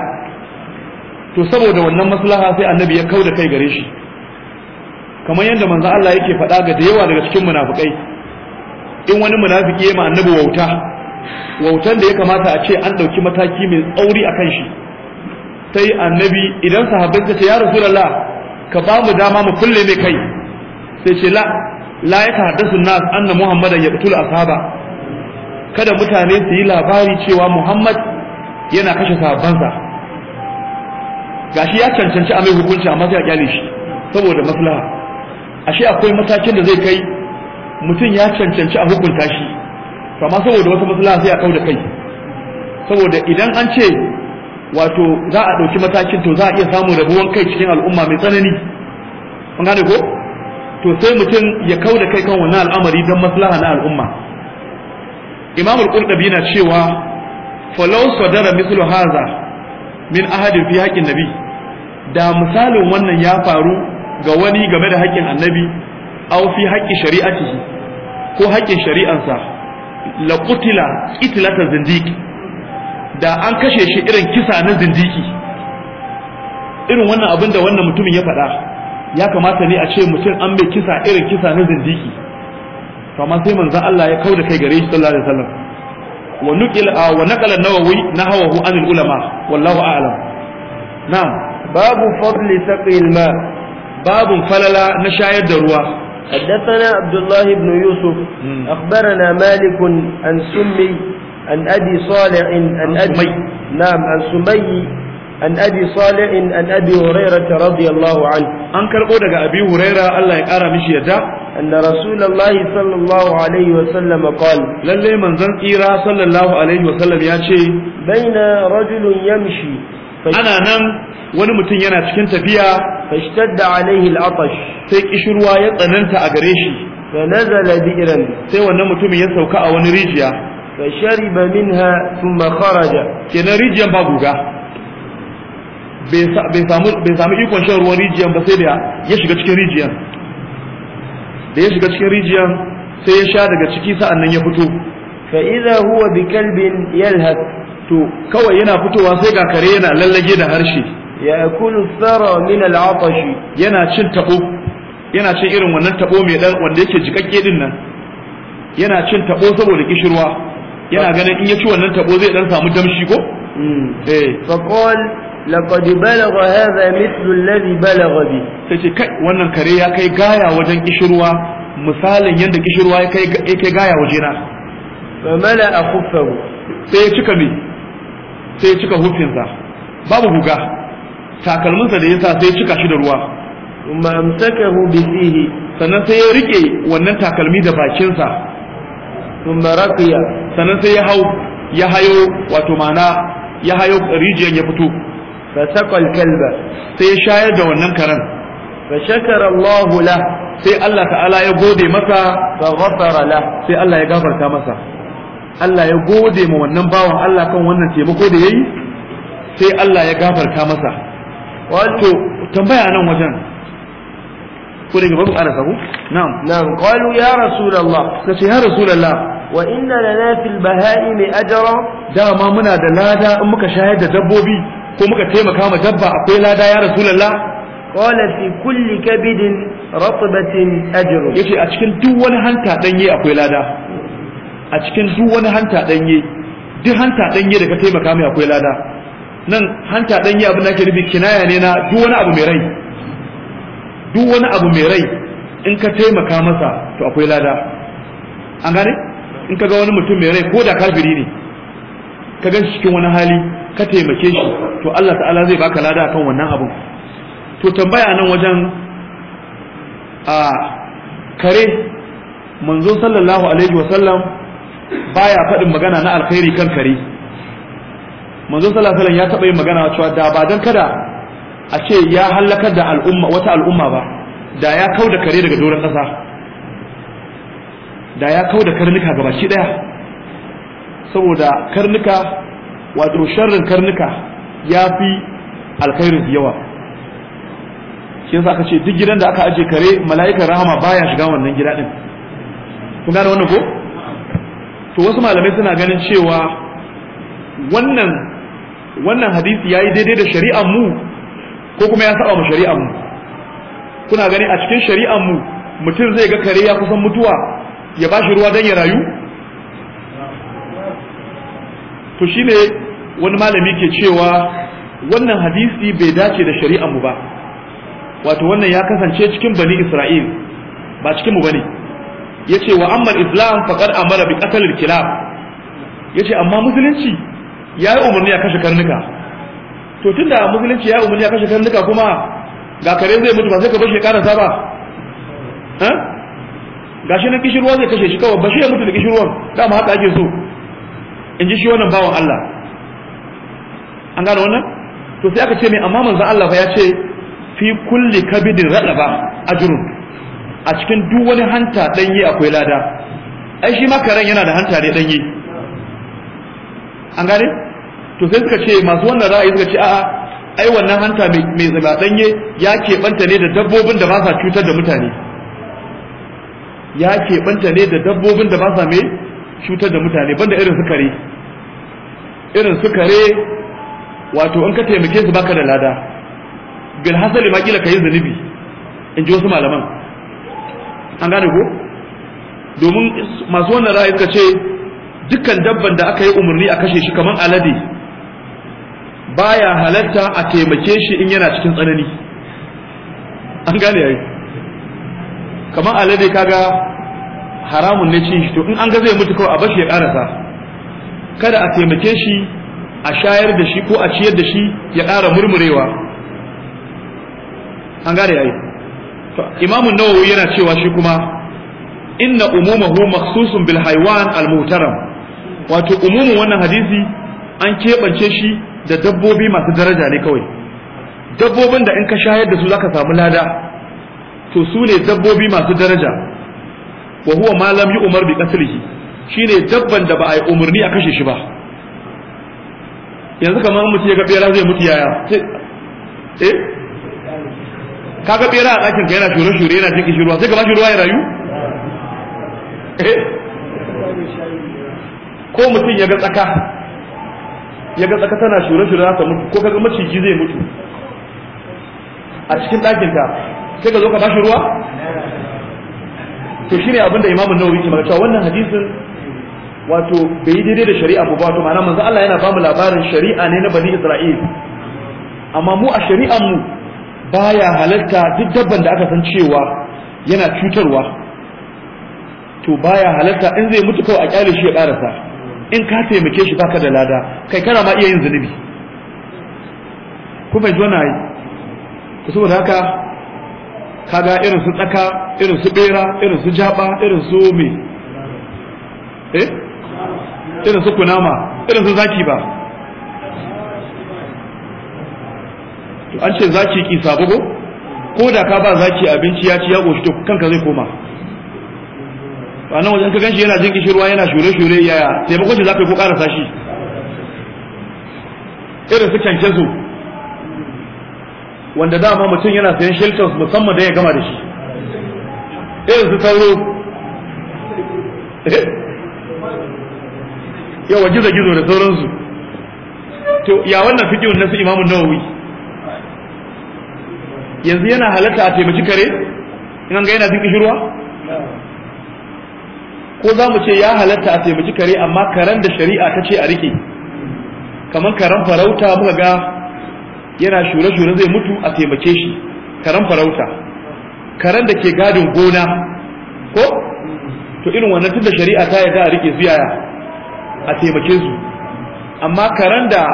Speaker 1: to saboda wannan maslaha sai annabi ya kauda kai gare shi kamar yadda manzo Allah yake faɗa ga da yawa daga cikin munafukai, in wani munafiki yayi ma annabi wauta wautan da ya kamata a ce an ɗauki mataki mai tsauri akan shi sai annabi idan sahabbai ta ce ya rasulullah ka ba mu dama mu kulle mai kai sai ce la la ya tahaddasu nas anna muhammadan ya yaqtulu ashaba kada mutane su yi labari cewa muhammad yana kashe sahabbansa gashi ya cancanci a mai hukunci amma sai a kyale shi saboda maslaha ashe akwai matakin da zai kai mutum ya cancanci a hukunta shi kama saboda wata matsala sai a kau da kai saboda idan an ce wato za a ɗauki matakin to za a iya samun rabuwan kai cikin al'umma mai tsanani an gane ko to sai mutum ya kau da kai kan wannan al'amari don maslaha na al'umma imamul al na cewa falau sadara mislu haza min ahadin fi haqqin nabi da misalin wannan ya faru ga wani game da haƙƙin annabi aw fi haƙƙi shari'atihi ko haƙƙin shari'ansa la qutila qitlatan zindiq da an kashe shi irin kisa na zindiki irin wannan abin da wannan mutumin ya faɗa ya kamata ne a ce mutum an mai kisa irin kisa na zindiki amma sai manzon Allah ya kauda kai gare shi sallallahu alaihi wasallam wa nuqil wa naqala an-nawawi nahawahu anil ulama wallahu a'lam na'am babu fadli saqil ma' babun falala na shayar da ruwa حدثنا عبد الله بن يوسف أخبرنا مالك عن سمي عن أبي صالح عن أبي نعم عن سمي عن أبي صالح عن أبي هريرة رضي الله عنه أنكر قولك أبي هريرة الله يقرأ مشي أن رسول الله صلى الله عليه وسلم قال للي من ذنب إيرا صلى الله عليه وسلم يا شيء بين رجل يمشي ana nan wani mutum yana cikin tafiya fashtadda alaihi al-atash sai kishirwa ya tsananta a gare shi fa nazala bi'ran sai wannan mutumin ya sauka a wani rijiya fa shariba minha thumma kharaja kenan rijiyan ba guga bai samu bai samu ikon shan ruwan rijiyan ba sai da ya shiga cikin rijiyan da ya shiga cikin rijiyan sai ya sha daga ciki sa'annan ya fito fa idza huwa bi kalbin to kawai yana fitowa sai ga kare yana lallage da harshe ya kulu thara min al'atashi yana cin tabo yana cin irin wannan tabo mai dan wanda yake jikakke din nan yana cin tabo saboda kishirwa yana ganin in ya ci wannan tabo zai dan samu damshi ko hmm. eh fa qul laqad balagha hadha mithlu alladhi balagha bi sai kai wannan kare ya kai gaya wajen kishirwa misalin yanda kishirwa ya kai gaya wajena fa mala akhufahu sai ya cika me sai ya cika hufinsa babu guga takalminsa da yasa sai ya cika shi da ruwa mamsakahu bisihi sannan sai ya rike wannan takalmi da bakinsa thumma raqiya sannan sai ya hau ya hayo wato mana ya hayo rijiyan ya fito fa saqal kalba sai ya shayar da wannan karan fa shakara Allah la sai Allah ta'ala ya gode masa fa ghafara la sai Allah ya gafarta masa Allah ya gode ma wannan bawan Allah kan wannan taimako da ya yi, sai Allah ya gafarta masa wato tambaya nan wajen ko daga babu ana sabu na'am na'am qalu ya rasulullah kace ya rasulullah wa inna lana fil baha'im ajra dama muna da lada in muka shayar da dabbobi ko muka taimaka ma dabba akwai lada ya rasulullah qala fi kulli kabidin ratbatin ajru yace a cikin duk wani hanta danye akwai lada a cikin duk wani hanta danye duk hanta danye da ka taimaka mai akwai lada nan hanta danye abin da ake nufi kinaya ne na duk wani abu mai rai duk wani abu mai rai in ka taimaka masa to akwai lada an gane in ka ga wani mutum mai rai ko da kafiri ne ka gan cikin wani hali ka taimake shi to Allah ta'ala zai baka lada akan wannan abu to tambaya nan wajen a kare manzo sallallahu alaihi wa sallam baya faɗin magana na alkhairi kan kare manzo sallallahu alaihi wasallam ya taɓa yin magana cewa da ba dan kada a ce ya halakar da al'umma wata al'umma ba da ya kau da kare daga doron ƙasa da ya kau da karnuka shi ɗaya saboda karnuka wato sharrin karnuka ya fi alkhairin yawa shi yasa aka ce duk gidan da aka aje kare mala'ikan rahama baya shiga wannan gida din kun gane wannan ko to wasu malamai suna ganin cewa wannan wannan hadisi yayi daidai da shari'ar mu ko kuma ya saba mu shari'ar mu kuna gani a cikin shari'ar mu mutum zai ga kare ya kusan mutuwa ya bashi ruwa dan ya rayu to shine wani malami ke cewa wannan hadisi bai dace da shari'ar mu ba wato wannan ya kasance cikin bani Isra'il ba cikin mu bane yace wa amma islam faƙar amara bi qatl al kilab yace amma musulunci yayi umarni a kashe karnuka to tunda musulunci yayi umarni a kashe karnuka kuma ga kare zai mutu ba sai ka bashi ya karasa ba ha shi nan kishirwa zai kashe shi kawai shi ya mutu da da ma haka ake so in ji shi wannan bawan Allah an gane wannan to sai aka ce mai amma manzon Allah fa ya ce fi kulli kabidin radaba ajrun a cikin duk wani hanta danye akwai lada ai shi makaran yana da hanta ne danye an gane to sai suka ce masu wannan ra'ayi suka ce a'a ai wannan hanta mai zuba ɗanye ya keɓanta ne da dabbobin da ba sa cutar da mutane ya keɓanta ne da dabbobin da ba sa mai cutar da mutane banda irin su kare irin su kare wato in ka taimake su baka da lada bil hasali ma kila yi zunubi in ji wasu malaman an gane ko domin masu wannan ra'ayi suka ce dukkan dabban da aka yi umarni a kashe shi kamar alade baya halatta a taimake shi in yana cikin tsanani an gane yayi kamar alade kaga haramun ne cin shi to in an ga zai mutu kawai a bashi ya karasa kada a taimake shi a shayar da shi ko a ciyar da shi ya ƙara murmurewa an gane yayi imam nawawi yana cewa shi kuma inna umumahu makhsusun bil haiwan al mutaram wato umumin wannan hadisi an keɓance shi da dabbobi masu daraja ne kawai dabbobin da in ka shayar da su zaka samu lada to su ne dabbobi masu daraja wa huwa ma lam yu'mar bi qatlihi shine dabban da ba a yi umarni a kashe shi ba yanzu kamar mutum ya ga bera zai mutu yaya eh kaga bera a ɗakin ka yana shuru shure yana cikin shirwa sai ka ba shi ruwa ya rayu eh. ko mutum ya ga tsaka ya ga tsaka tana shuru shure za ta mutu ko kaga maciji zai mutu a cikin ɗakin ka sai ka zo ka ba shi ruwa to shine abin da imamu nawawi ke magana wannan hadisin wato bai yi daidai da shari'a ba wato ma'ana manzo Allah yana ba mu labarin shari'a ne na bani Isra'il amma mu a shari'an mu baya halarta duk dabban da aka san cewa yana cutarwa to baya halarta in zai mutu kawai a kyale shi ya karasa in ka taimake shi baka da lada kai kana ma iya yin zunubi kuma ji wani ayi to saboda haka kaga irin su tsaka irin su bera irin su jaba irin su me eh irin su kunama irin su zaki ba to an ce zaki ki sabago ko da ka ba zaki abinci ya ci ya goshi to kanka zai koma to anan wajen ka ganshi yana jin kishirwa yana shure shure yaya taimakon shi zaka ko karasa shi irin su kyankyazo wanda dama mutum yana sayan shelters musamman da ya gama da shi irin su sauro eh? yawa gizo-gizo da sauransu to ya wannan fikiyun na su imamun nawawi yanzu yana halatta a taimaki kare in an ga yana jin kishirwa ko za mu ce ya halatta a taimaki kare amma karen da shari'a ta ce a rike kamar karen farauta muka ga yana shure-shure zai mutu a taimake shi karen farauta karen da ke gadin gona ko to irin wannan tun da shari'a ta yarda a rike ziyara a taimake su amma karen da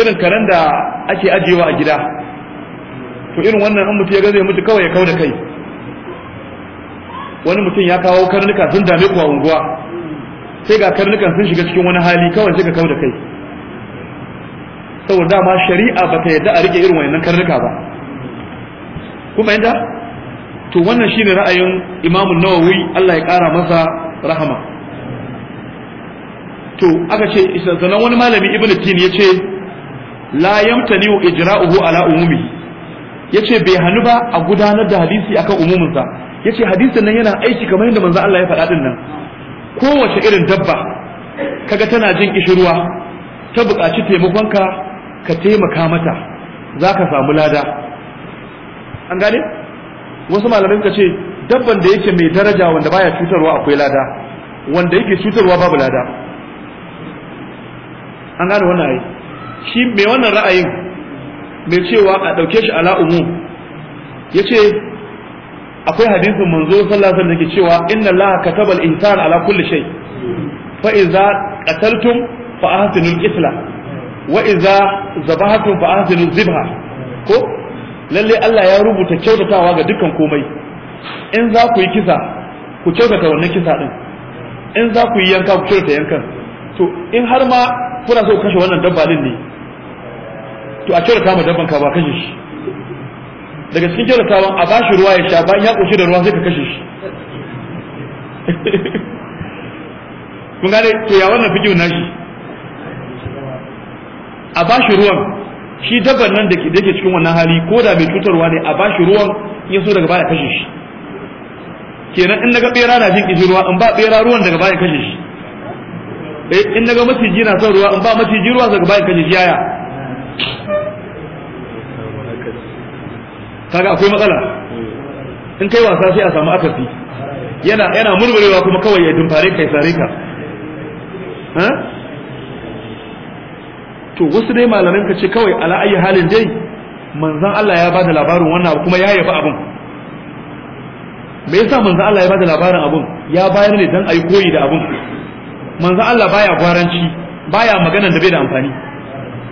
Speaker 1: irin karen da ake ajewa a gida to irin wannan an mutu ya gaza ya mutu kawai ya kawo da kai wani mutum ya kawo karnuka sun dame kuwa unguwa sai ga karnukan sun shiga cikin wani hali kawai sai ka kawo da kai saboda dama shari'a ba ta yadda a rike irin wannan karnuka ba kuma yadda to wannan shine ra'ayin imamun Nawawi Allah ya kara masa rahama to aka ce isa-zanen wani malami Ibn Tin ce la yamtaniu ijra'uhu ala umumi yace bai hannu ba a gudanar da hadisi akan umumin sa yace hadisin nan yana aiki kamar yadda manzo Allah ya faɗa din nan kowace irin dabba kaga tana jin kishirwa ta buƙaci taimakonka ka taimaka mata zaka samu lada an gane wasu malamai suka ce dabban da yake mai daraja wanda baya cutarwa akwai lada wanda yake cutarwa babu lada an gane wannan ayi shi mai wannan ra'ayin mai cewa a ɗauke shi ala umu ya ce akwai hadisin manzo sallallahu alaihi wasallam cewa inna allaha kataba al-insan ala kulli shay fa idza qataltum fa ahsinu al-qitla wa idza zabahtum fa ahsinu zibha ko lalle Allah ya rubuta kyautatawa ga dukkan komai in za ku yi kisa ku kyautata wannan kisa din in za ku yi yanka ku kyautata yankan to in har ma kuna so kashe wannan dabbalin ne to a cire kama dabban ka ba kashe shi daga cikin cire kama a bashi ruwa ya sha bayan ya koshi da ruwa zai ka kashe shi <laughs> kun gane to ya wannan fikiyu nashi a bashi ruwan shi dabban nan da ke cikin wannan hali ko da mai cutarwa ne a bashi ruwan ya so daga baya kashe shi kenan in naga bera na jin kishi ruwa in ba bera ruwan daga baya kashe shi eh, in naga maciji na son ruwa in ba maciji ruwa daga baya kashe shi yaya kaga akwai matsala in kai wasa sai a samu akasi yana yana murmurewa kuma kawai ya dumfare kai sare ka ha to wasu dai malaman ka ce kawai ala ayi halin dai manzon Allah ya bada labarin wannan kuma ya yaba abun me yasa manzon Allah ya bada labarin abun ya bayar ne dan ayi koyi da abun manzon Allah baya gwaranci baya maganan da bai da amfani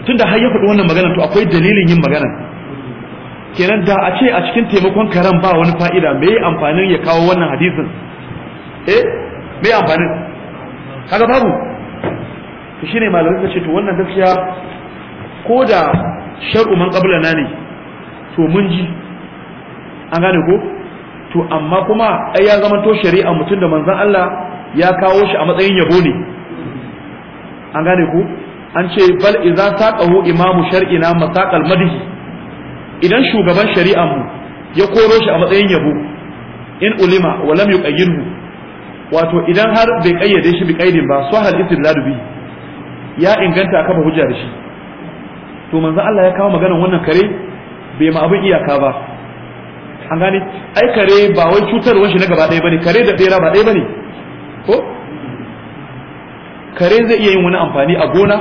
Speaker 1: tunda har ya faɗi wannan magana to akwai dalilin yin magana kenan da a ce a cikin taimakon karen ba wani fa'ida me amfanin ya kawo wannan hadisin eh me yi amfanin kaga babu to shine malamin suka ce to wannan gaskiya ko da shar'u man na ne to mun ji an gane ko to amma kuma ai ya zama to shari'a mutum da manzon Allah ya kawo shi a matsayin yabo ne an gane ko an ce bal idza saqahu imamu shar'ina masaqal madhi idan shugaban shari'ar mu ya koro shi a matsayin yabo in ulima wa lam yuqayyidhu wato idan har bai kayyade shi bi kaidin ba so hal istidlal bi ya inganta a kafa hujja da shi to manzo Allah ya kawo maganar wannan kare bai ma abin iyaka ba an gane ai kare ba wai cutarwar shi na gaba ɗaya bane kare da bera ba ɗaya bane ko kare zai iya yin wani amfani a gona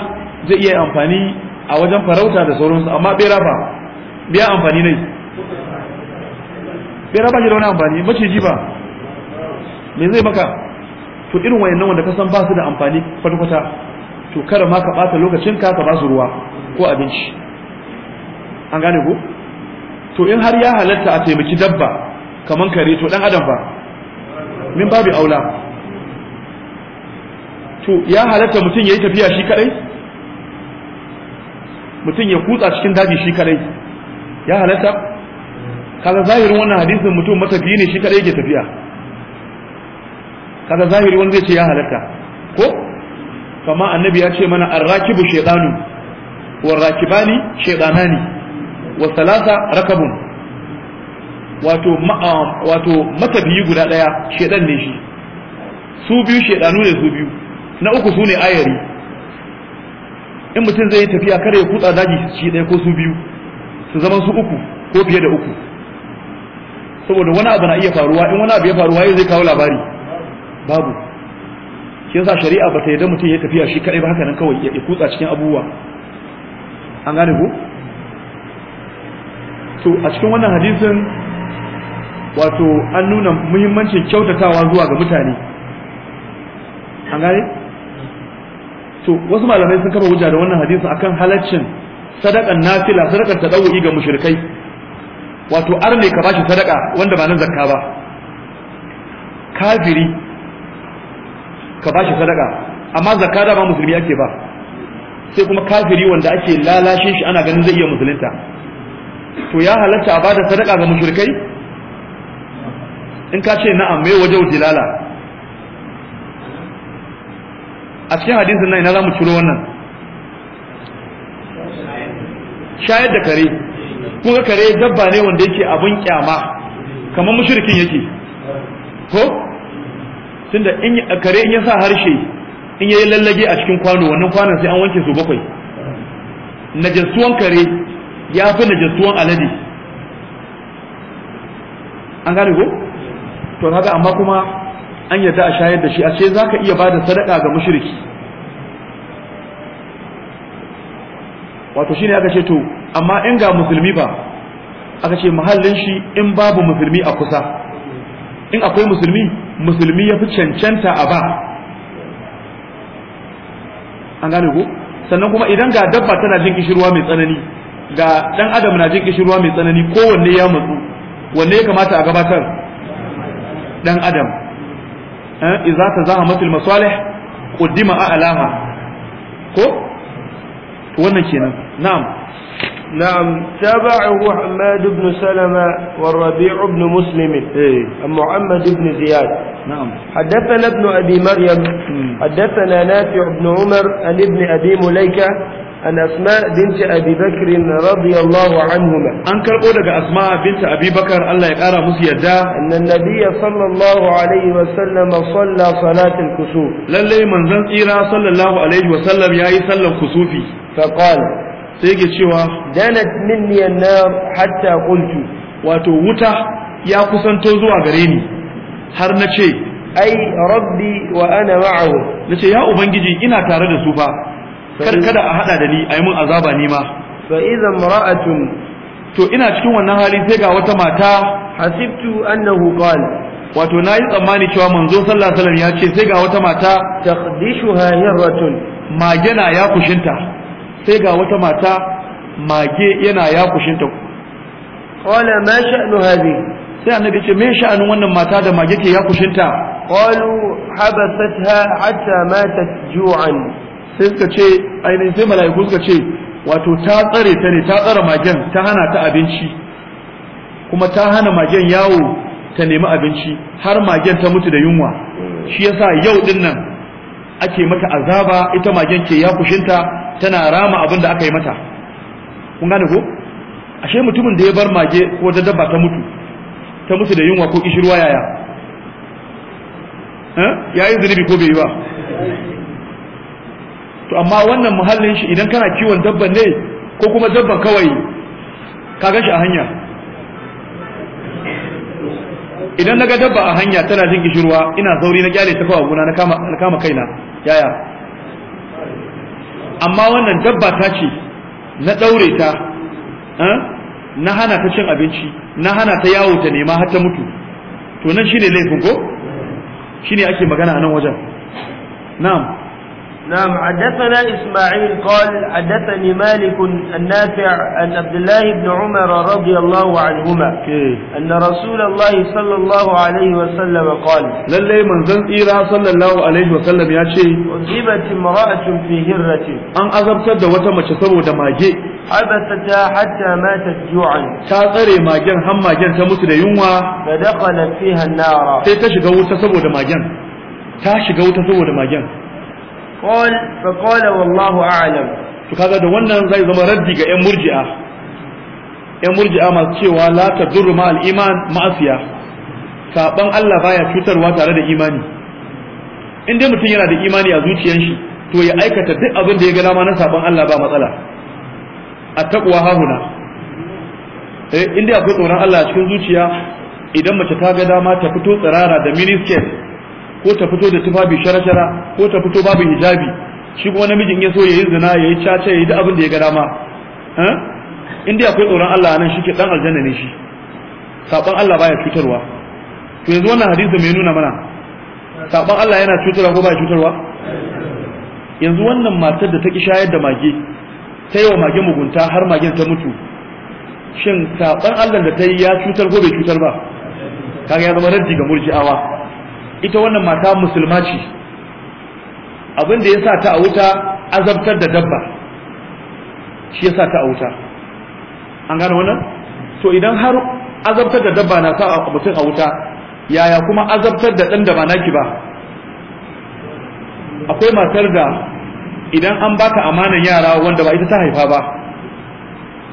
Speaker 1: zai iya yin amfani a wajen farauta da sauransu amma bera ba biya amfani ne bera ba shi da wani amfani maciji ba me zai maka to irin wayannan wanda ka san ba su da amfani kwata-kwata to kada ma ka bata lokacin ka ka ba su ruwa ko abinci an gane ko to in har ya halatta a taimaki dabba kaman kare to dan adam ba min babu aula to ya halatta mutum ya yi tafiya shi kadai mutum ya kutsa cikin daji shi kadai ya halatta kaza zahirin wannan hadisin mutum matafi ne shi kadai yake tafiya kaza zahiri wanda zai ce ya halatta ko kama annabi ya ce mana arrakibu shaytanu wa rakibani shaytanani wa salasa rakabun wato ah, wato matafi guda daya shaytan ne shi su biyu shaydanu ne su biyu na uku su ne ayari in mutum zai yi tafiya kare ya kutsa daji shi ɗaya ko su biyu su zama su uku ko fiye da uku saboda wani abu na iya faruwa in wani abu ya faruwa yau zai kawo labari babu shi yasa shari'a ba ta yarda mutum ya tafiya shi kadai ba haka nan kawai ya kutsa cikin abubuwa an gane ko to a cikin wannan hadisin wato an nuna muhimmancin kyautatawa zuwa ga mutane an gane to wasu malamai sun kafa hujja da wannan hadisin akan halaccin sadakan nafila ta dawo ga mushrikai wato arne ka bashi sadaka wanda ba nan zakka ba kafiri ka bashi sadaka amma zakka da ba musulmi ake ba sai kuma kafiri wanda ake lalashe shi ana ganin zai iya musulunta to ya halatta a bada sadaka ga mushrikai in ka ce na'am me waje dilala a cikin hadisin nan ina za mu ciro wannan shayar da kare kuma kare dabba ne wanda yake abun kyama kamar mushrikin yake ko tunda in kare in ya sa harshe in yayi lallage a cikin kwano wannan kwanon sai an wanke su bakwai najasuwan kare ya fi najasuwan alade an gane ko to haka amma kuma an yarda a shayar da shi a ce zaka iya bada sadaka ga mushriki wato shine aka ce to amma in ga musulmi ba aka ce mahallin shi in babu musulmi a kusa in akwai musulmi musulmi ya fi cancanta a ba an gane ko sannan kuma idan ga dabba tana jin kishirwa mai tsanani ga dan adam na jin kishirwa mai tsanani kowanne ya matsu wanne ya kamata a gabatar dan adam za eh, idza tazahamatul masalih qaddima a'laha ko wannan kenan na'am نعم تابعه حماد بن سلمة والربيع بن مسلم إيه. محمد بن زياد نعم حدثنا ابن أبي مريم حدثنا نافع بن عمر عن ابن أبي مليكة an asma binti abi radiyallahu anhuma an karbo daga asma'a binti abi bakar Allah ya kara musu yadda annan nabiyya sallallahu alaihi wa sallam salla salatul kusuf lalle manzon tsira sallallahu alaihi wa sallam yayi sallan kusufi fa qala sai ke cewa danat minni an-nar wato wuta ya kusanto zuwa gare ni har na ce ai rabbi wa ana ma'ahu nace ya ubangiji ina tare da su fa kada a hada da ni a yi min azaba ni ma fa idza mar'atun to ina cikin wannan hali sai ga wata mata hasibtu annahu qala wato nayi tsammani cewa manzo sallallahu alaihi wasallam ya ce sai ga wata mata takhdishuha hirratun mage na ya kushinta sai ga wata mata mage yana ya kushinta qala ma sha'nu hadhihi sai annabi ce me sha'anin wannan mata da mage ke ya kushinta qalu habathatha hatta matat ju'an sai suka ce ainihin sai mala'iku suka ce wato ta tsare ta ne ta tsare magen ta hana ta abinci kuma ta hana magen yawo ta nemi abinci har magen ta mutu da yunwa shi yasa yau din nan ake mata azaba ita magen ke yakushinta tana rama abin da aka yi mata kun gane ko ashe mutumin da ya bar mage ko da dabba ta mutu ta mutu da yunwa ko kishirwa yaya eh? ya yi zunubi ko bai yi ba to amma wannan muhallin shi idan kana kiwon dabban ne ko kuma dabban kawai ka gan a hanya idan na ga dabba a hanya tana jin gishirwa ina zauri na gyale ta kawai guna na kama kaina yaya amma wannan dabba ta ce na ɗaure ta eh, na hana ta cin abinci na hana ta yawo ta nema har ta mutu to nan shine laifin ko shine ake magana a nan wajen na'am
Speaker 2: نعم حدثنا إسماعيل قال حدثني مالك
Speaker 1: النافع أن عبد الله بن عمر رضي الله عنهما إيه. أن رسول الله صلى الله عليه وسلم قال للي من زن إيرا صلى الله عليه وسلم يا شيء أجيبت امرأة في هرة أن أغبت دوة ما تسوى دماجي حبستها حتى ماتت جوعا تاقري ما جن هم جن تموت ليوما فدخلت فيها النار تتشغو تسوى دماجن تشغو تسوى دماجن قال فقال والله wallahu a'lam to kaga da wannan zai zama raddi ga yan murji'a yan murji'a masu cewa la tadurru ma al-iman ma'asiya saban Allah baya cutarwa tare da imani in dai mutum yana da imani a zuciyar shi to ya aikata duk abin da ya ga dama na saban Allah ba matsala a taqwa hahuna eh in dai akwai tsoron Allah a cikin zuciya idan mace ta ga dama ta fito tsirara da miniskirt ko ta fito da tufafi shara-shara ko ta fito babu hijabi shi kuma namijin ya so yayi zina yayi caca yayi duk abin da ya ga dama in dai akwai tsoron Allah nan shike dan aljanna ne shi saban Allah baya cutarwa to yanzu wannan hadisi mai nuna mana saban Allah yana cutarwa ko baya cutarwa yanzu wannan matar da ta ki shayar da mage ta yi wa mage mugunta har magen ta mutu shin saban Allah da ta yi ya cutar ko bai cutar ba kaga ya zama raddi ga murji'awa ita wannan mata musulma ce abin da ya sa ta a wuta azabtar da dabba shi ya sa ta a wuta an gane wannan to idan har azabtar da dabba na sa mutum a wuta yaya kuma azabtar da ɗan da ba naki ba akwai matar da idan an baka amanan yara wanda ba ita ta haifa ba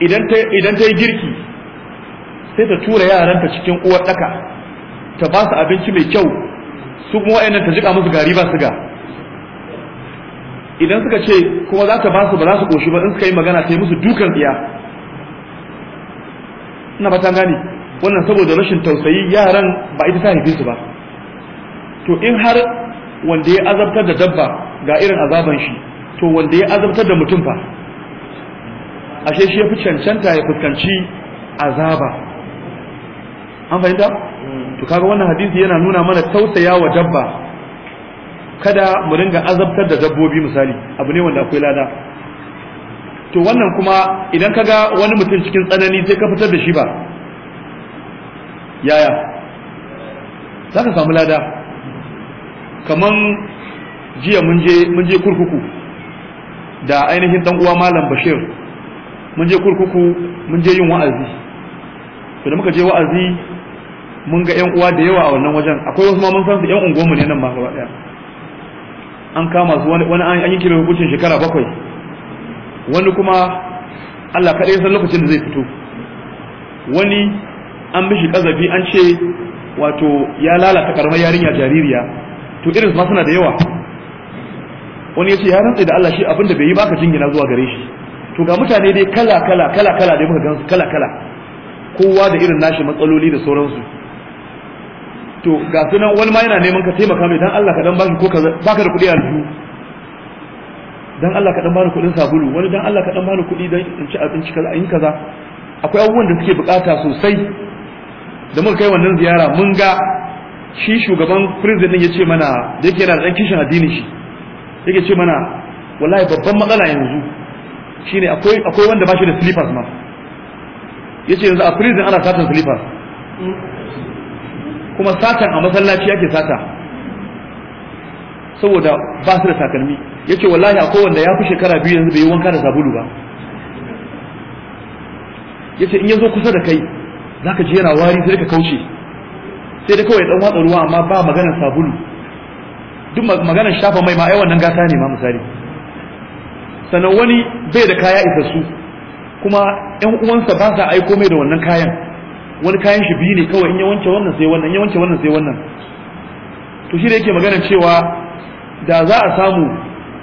Speaker 1: idan ta yi girki sai ta tura yaranta cikin uwar ɗaka ta ba su abinci mai kyau su kuma wa'annan ta jika musu gari ba siga idan suka ce kuma za ta ba su ba za su koshi ba in suka yi magana ta yi musu dukan tsiya ina ba ta gane wannan saboda rashin tausayi yaran ba ita ta haife su ba to in har wanda ya azabtar da dabba ga irin azaban shi to wanda ya azabtar da mutum fa ashe shi ya fi cancanta ya fuskanci azaba an fahimta mm. to kaga wannan hadisi yana nuna mana tausaya wa dabba kada mu ringa azabtar da dabbobi misali abu ne wanda akwai lada to wannan kuma idan kaga wani mutum cikin tsanani sai ka fitar da shi ba yaya za ka samu lada kaman jiya mun je mun je kurkuku da ainihin dan uwa malam bashir mun je kurkuku mun je yin wa'azi to da muka je wa'azi mun ga yan uwa da yawa a wannan wajen akwai wasu ma mun san su yan unguwanmu ne nan ma gaba daya an kama su wani an yi kilo hukuncin shekara bakwai wani kuma Allah kaɗai san lokacin da zai fito wani an mishi kazafi an ce wato ya lalata karamar yarinya jaririya to irin ma suna da yawa wani ya ce ya rantsa da Allah shi abinda bai yi ba ka jingina zuwa gare shi to ga mutane dai kala kala kala kala dai muka gansu kala kala kowa da irin nashi matsaloli da sauransu to ga sunan wani ma yana neman ka taimaka mai dan Allah ka dan baki ko ka baka da kuɗi a aljihu dan Allah ka dan bani kuɗin sabulu wani dan Allah ka dan bani kuɗi dan in ci abinci kaza in kaza akwai abubuwan da suke bukata sosai da mun kai wannan ziyara mun ga shi shugaban prison din yace mana da yake yana da dan kishin addini shi yake ce mana wallahi babban matsala yanzu shine akwai akwai wanda shi da slippers ma yace yanzu a prison ana satan slippers kuma satan a masallaci yake sata saboda ba su da takalmi yace wallahi akwai wanda ya fi shekara biyu yanzu bai yi wanka da sabulu ba yace in yazo kusa da kai zaka ji yana wari sai ka kauce sai da kawai dan watsa ruwa amma ba maganar sabulu duk maganar shafa mai ma ai wannan gata ne ma misali sannan wani bai da kaya isassu kuma yan uwansa ba sa aiko mai da wannan kayan wani kayan shi biyu ne kawai in ya wanke wannan sai wannan ya wanke wannan sai wannan to shi da yake magana cewa da za a samu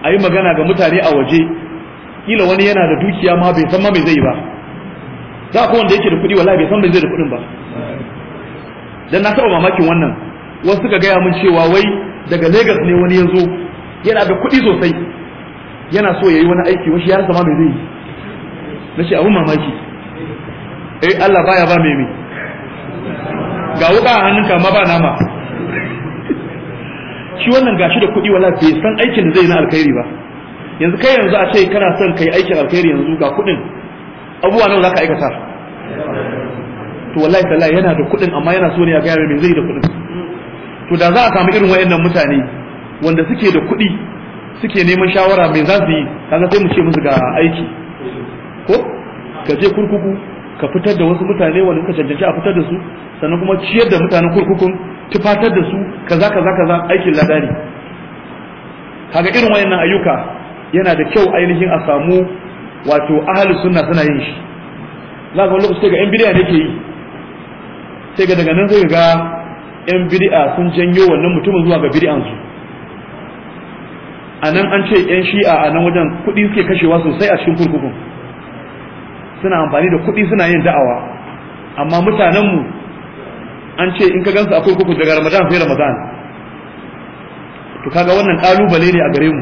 Speaker 1: a yi magana ga mutane a waje kila wani yana da dukiya ma bai san ma mai zai ba za a wanda yake da kuɗi wallahi bai san mai zai da kuɗin ba dan na taɓa mamakin wannan wasu suka gaya min cewa wai daga Lagos ne wani ya zo yana da kuɗi sosai yana so ya yi wani aiki wasu ya rasa ma mai zai yi na ce abun mamaki eh Allah baya ba mai mai ga wuka a hannunka amma ba nama shi wannan gashi da kuɗi wala bai san aikin da zai na alkhairi ba yanzu kai yanzu a ce kana son kai aikin alkhairi yanzu ga kuɗin abubuwa nawa ka aikata to wallahi tallahi yana da kuɗin amma yana so ne ya gaya me zai da kuɗin to da za a samu irin wayannan mutane wanda suke da kuɗi suke neman shawara me za su yi kaga sai mu ce musu ga aiki ko ka je kurkuku ka fitar da wasu mutane wanda suka cancanci a fitar da su sannan kuma ciyar da mutanen kurkukun tufatar da su kaza kaza kaza aikin ladani kaga irin wayannan ayyuka yana da kyau ainihin a samu wato ahali sunna suna yin shi za ka lokaci ga yan bid'a ne ke yi sai ga daga nan sai ga yan bid'a sun janyo wannan mutumin zuwa ga bid'an su nan an ce yan shi'a a nan wajen kuɗi suke kashewa sosai a cikin kurkukun suna amfani da kuɗi suna yin da'awa amma mutanenmu an ce in ka gansu akwai kuku daga ramadan sai ramadan to kaga wannan kalubale ne a gare mu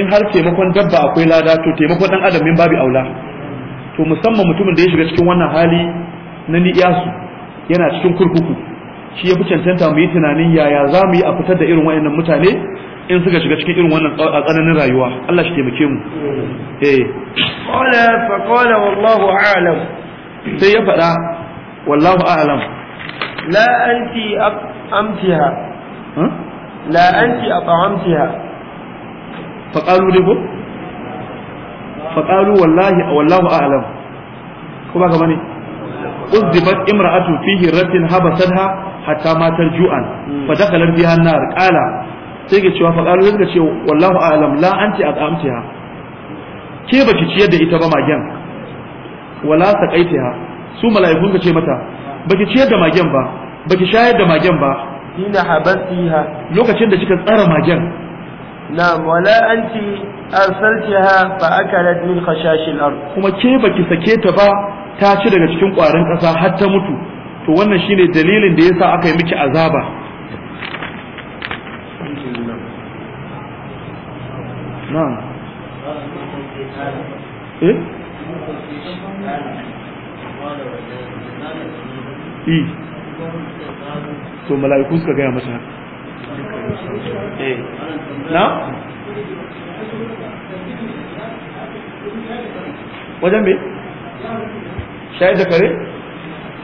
Speaker 1: in har taimakon dabba akwai lada to taimakon dan adam min babu aula to musamman mutumin da ya shiga cikin wannan hali na niyasu yana cikin kurkuku shi ya fi cancanta mu yi tunanin yaya za mu yi a fitar da irin waɗannan mutane in suka shiga cikin irin wannan tsananin rayuwa Allah shi taimake mu eh qala fa qala wallahu a'lam sai ya faɗa wallahu a'lam la anti amtiha la anti at'amtiha fa qalu lahu fa qalu wallahi wallahu a'lam kuma ga bane uzdibat imra'atu fihi rabbin habasatha hatta matar ju'an hmm. fa dakhalat biha an-nar qala sai ga cewa faƙalu ya ce wallahu alam la anti at'amtiha ke baki ciyar da ita ba magen wala saqaitiha su mala'ikun ka ce mata baki ciyar da magen ba baki shayar da magen ba ina habasiha lokacin da kika tsara magen na wala anti arsaltaha fa akalat min khashash al-ard kuma ke baki sake ta ba ta ci daga cikin ƙwarin ƙasa har ta mutu to wannan shine dalilin da yasa aka yi miki azaba na'am eh i to mala'iku suka gaya masa
Speaker 2: eh na
Speaker 1: wajen me shayar da kare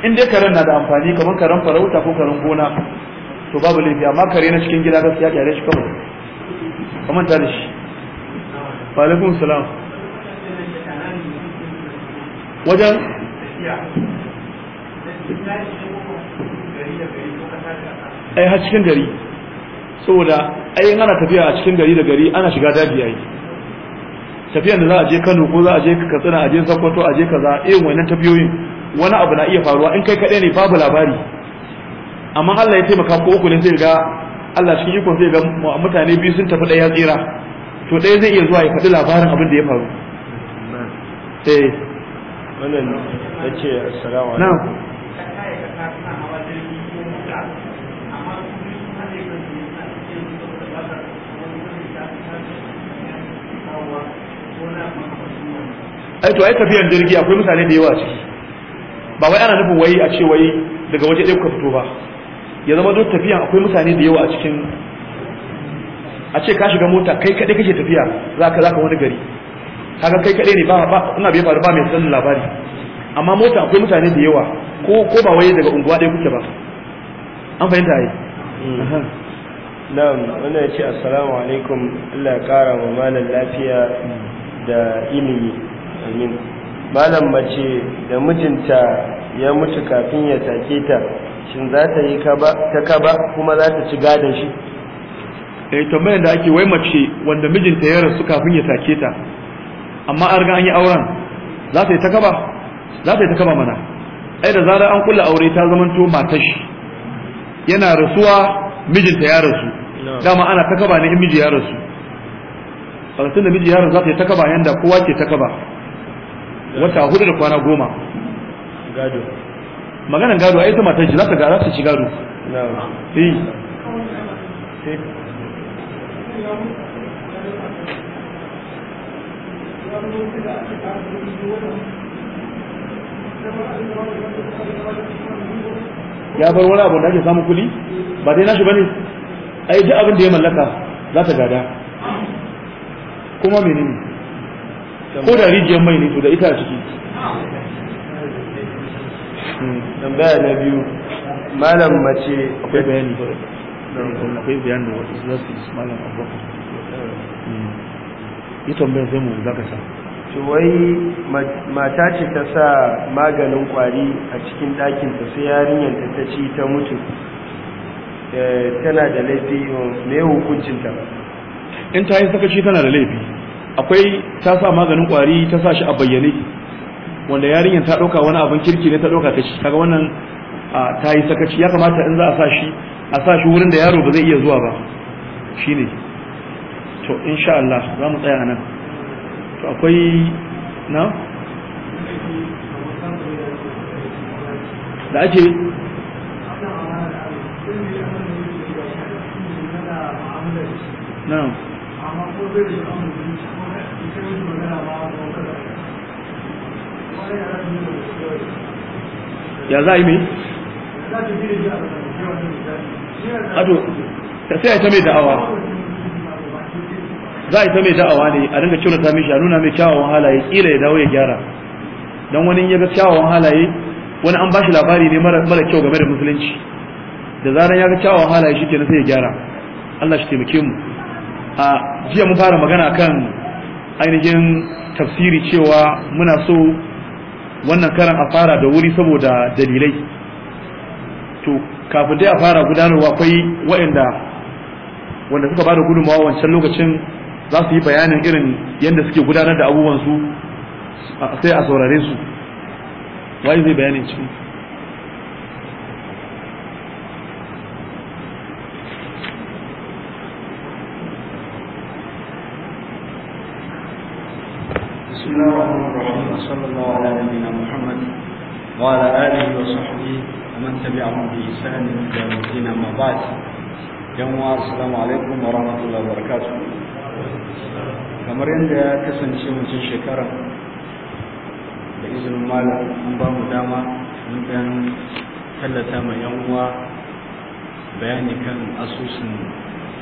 Speaker 1: in dai karen na da amfani kamar karen farauta ko karen gona to babu laifi amma kare na cikin gida gaskiya tare shi kawai kamar ta da shi wa alaikum salam wajen ai har cikin gari saboda ai ana tafiya a cikin gari da gari ana shiga daji yayi tafiyan da za a je Kano ko za a je Katsina a je Sokoto a je kaza irin wannan tafiyoyin wani abu na iya faruwa in kai kaɗai ne babu labari amma Allah ya taimaka ko uku ne sai ga Allah cikin ikon sai ga mutane biyu sun tafi ɗaya tsira to ɗaya zai iya zuwa ya faɗi labarin abin da ya faru eh wannan yace assalamu alaikum ai to ai tafiyan jirgi akwai mutane da yawa ciki ba wai ana nufin wai a ce wai daga waje ɗaya kuka fito ba ya zama don tafiyan akwai mutane da yawa a cikin a ce ka shiga mota kai kaɗai kake tafiya za ka wani gari kaga kai kaɗai ne ba ba ina bai faru ba mai sanin labari amma mota akwai mutane da yawa ko ko ba waye daga unguwa ɗaya kuke ba an fahimta ai mm. na'am wannan ya ce assalamu
Speaker 3: alaikum Allah ya kara wa malam lafiya da ilimi amin malam mace da mijinta ya mutu kafin ya take ta
Speaker 1: shin za ta yi ta kaba kuma za ta ci gadon shi eh tambayar da ake wai mace wanda mijinta ya rasu kafin ya take ta amma an riga an yi auren za ta yi ta kaba za ta yi ta kaba mana ai da zarar an kula aure ta to matar shi yana rasuwa mijinta ya rasu dama ana ta kaba ne in miji ya rasu karatun da miji ya rasu za ta yi ta kaba yanda kowa ke ta kaba wata hudu da kwana goma gado maganan gado ai ta matar shi za ta ga za ta ci gado eh
Speaker 2: ya bar wani
Speaker 1: abu da ake samun kuli ba dai nashi bane ai duk abin da ya mallaka za ta gada kuma menene ko da rijiyar mai ne to da ita a ciki
Speaker 2: hmm, tambaya na biyu malam mace akwai bayani akwai
Speaker 1: bayan wasu malam hmm. yi tambayar sai mu zaka sa
Speaker 2: wai
Speaker 3: mata ce ta sa maganin kwari a cikin ɗakinta sai yarinyar ta ta ci
Speaker 1: ta mutu eh, tana da laifi hukuncin hukuncinta in ta yi sakaci tana da laifi akwai ta sa maganin kwari ta sa shi a bayyane wanda yarinyar ta ɗauka wani abin kirki ne ta ɗauka ta ci kaga wannan ta yi sakaci ya kamata in za a sa shi a sa shi wurin da yaro ba zai iya zuwa ba shi ne to insha Allah za mu tsaya nan to akwai na da ake ya za a yi mai
Speaker 2: ado sai ai ta mai da'awa
Speaker 1: za a ta mai da'awa ne a dinga ta mishi a nuna mai kyawawan halaye kila ya dawo ya gyara dan wani ya ga kyawawan halaye wani an bashi labari ne mara kyau game da musulunci da zaran ya ga kyawawan halaye shi kenan sai ya gyara Allah shi taimake mu a jiya mun fara magana kan ainihin tafsiri cewa muna so wannan karan a fara da wuri saboda dalilai to kafin dai a fara gudanarwa akwai waɗanda wanda suka bada gudunmawa wancan lokacin za su yi bayanin irin yadda suke gudanar da su sai a saurare su waye zai bayanin cikin
Speaker 3: بسم الله الرحمن الرحيم وصلى الله على نبينا محمد وعلى آله وصحبه ومن تبعهم بإحسان إلى الدين أما بعد يوم السلام عليكم ورحمة الله وبركاته kamar yadda ya kasance mutum shekara da izinin malam an ba mu dama mun ɗan tallata ma yan uwa bayani kan asusun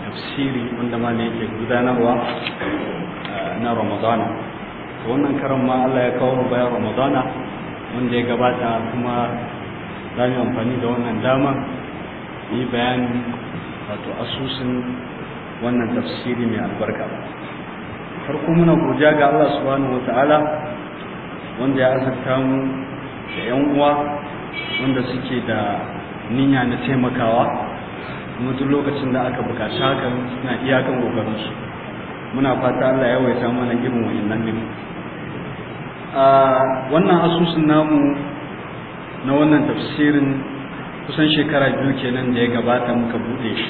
Speaker 3: tafsiri wanda ma ne yake gudanarwa na ramadana wannan karan ma Allah ya kawo bayan ramadana wanda ya gabata kuma za mu amfani da wannan dama yi bayani, wato asusun wannan tafsiri mai albarka farko muna godiya ga Allah subhanahu ta'ala wanda ya azurta mu da yan uwa wanda suke da niyya na taimakawa kuma duk lokacin da aka bukaci hakan suna iyakan kokarin su muna fata Allah ya waita mana irin wannan nemi a wannan asusun namu na wannan tafsirin kusan shekara biyu kenan da ya gabata muka bude shi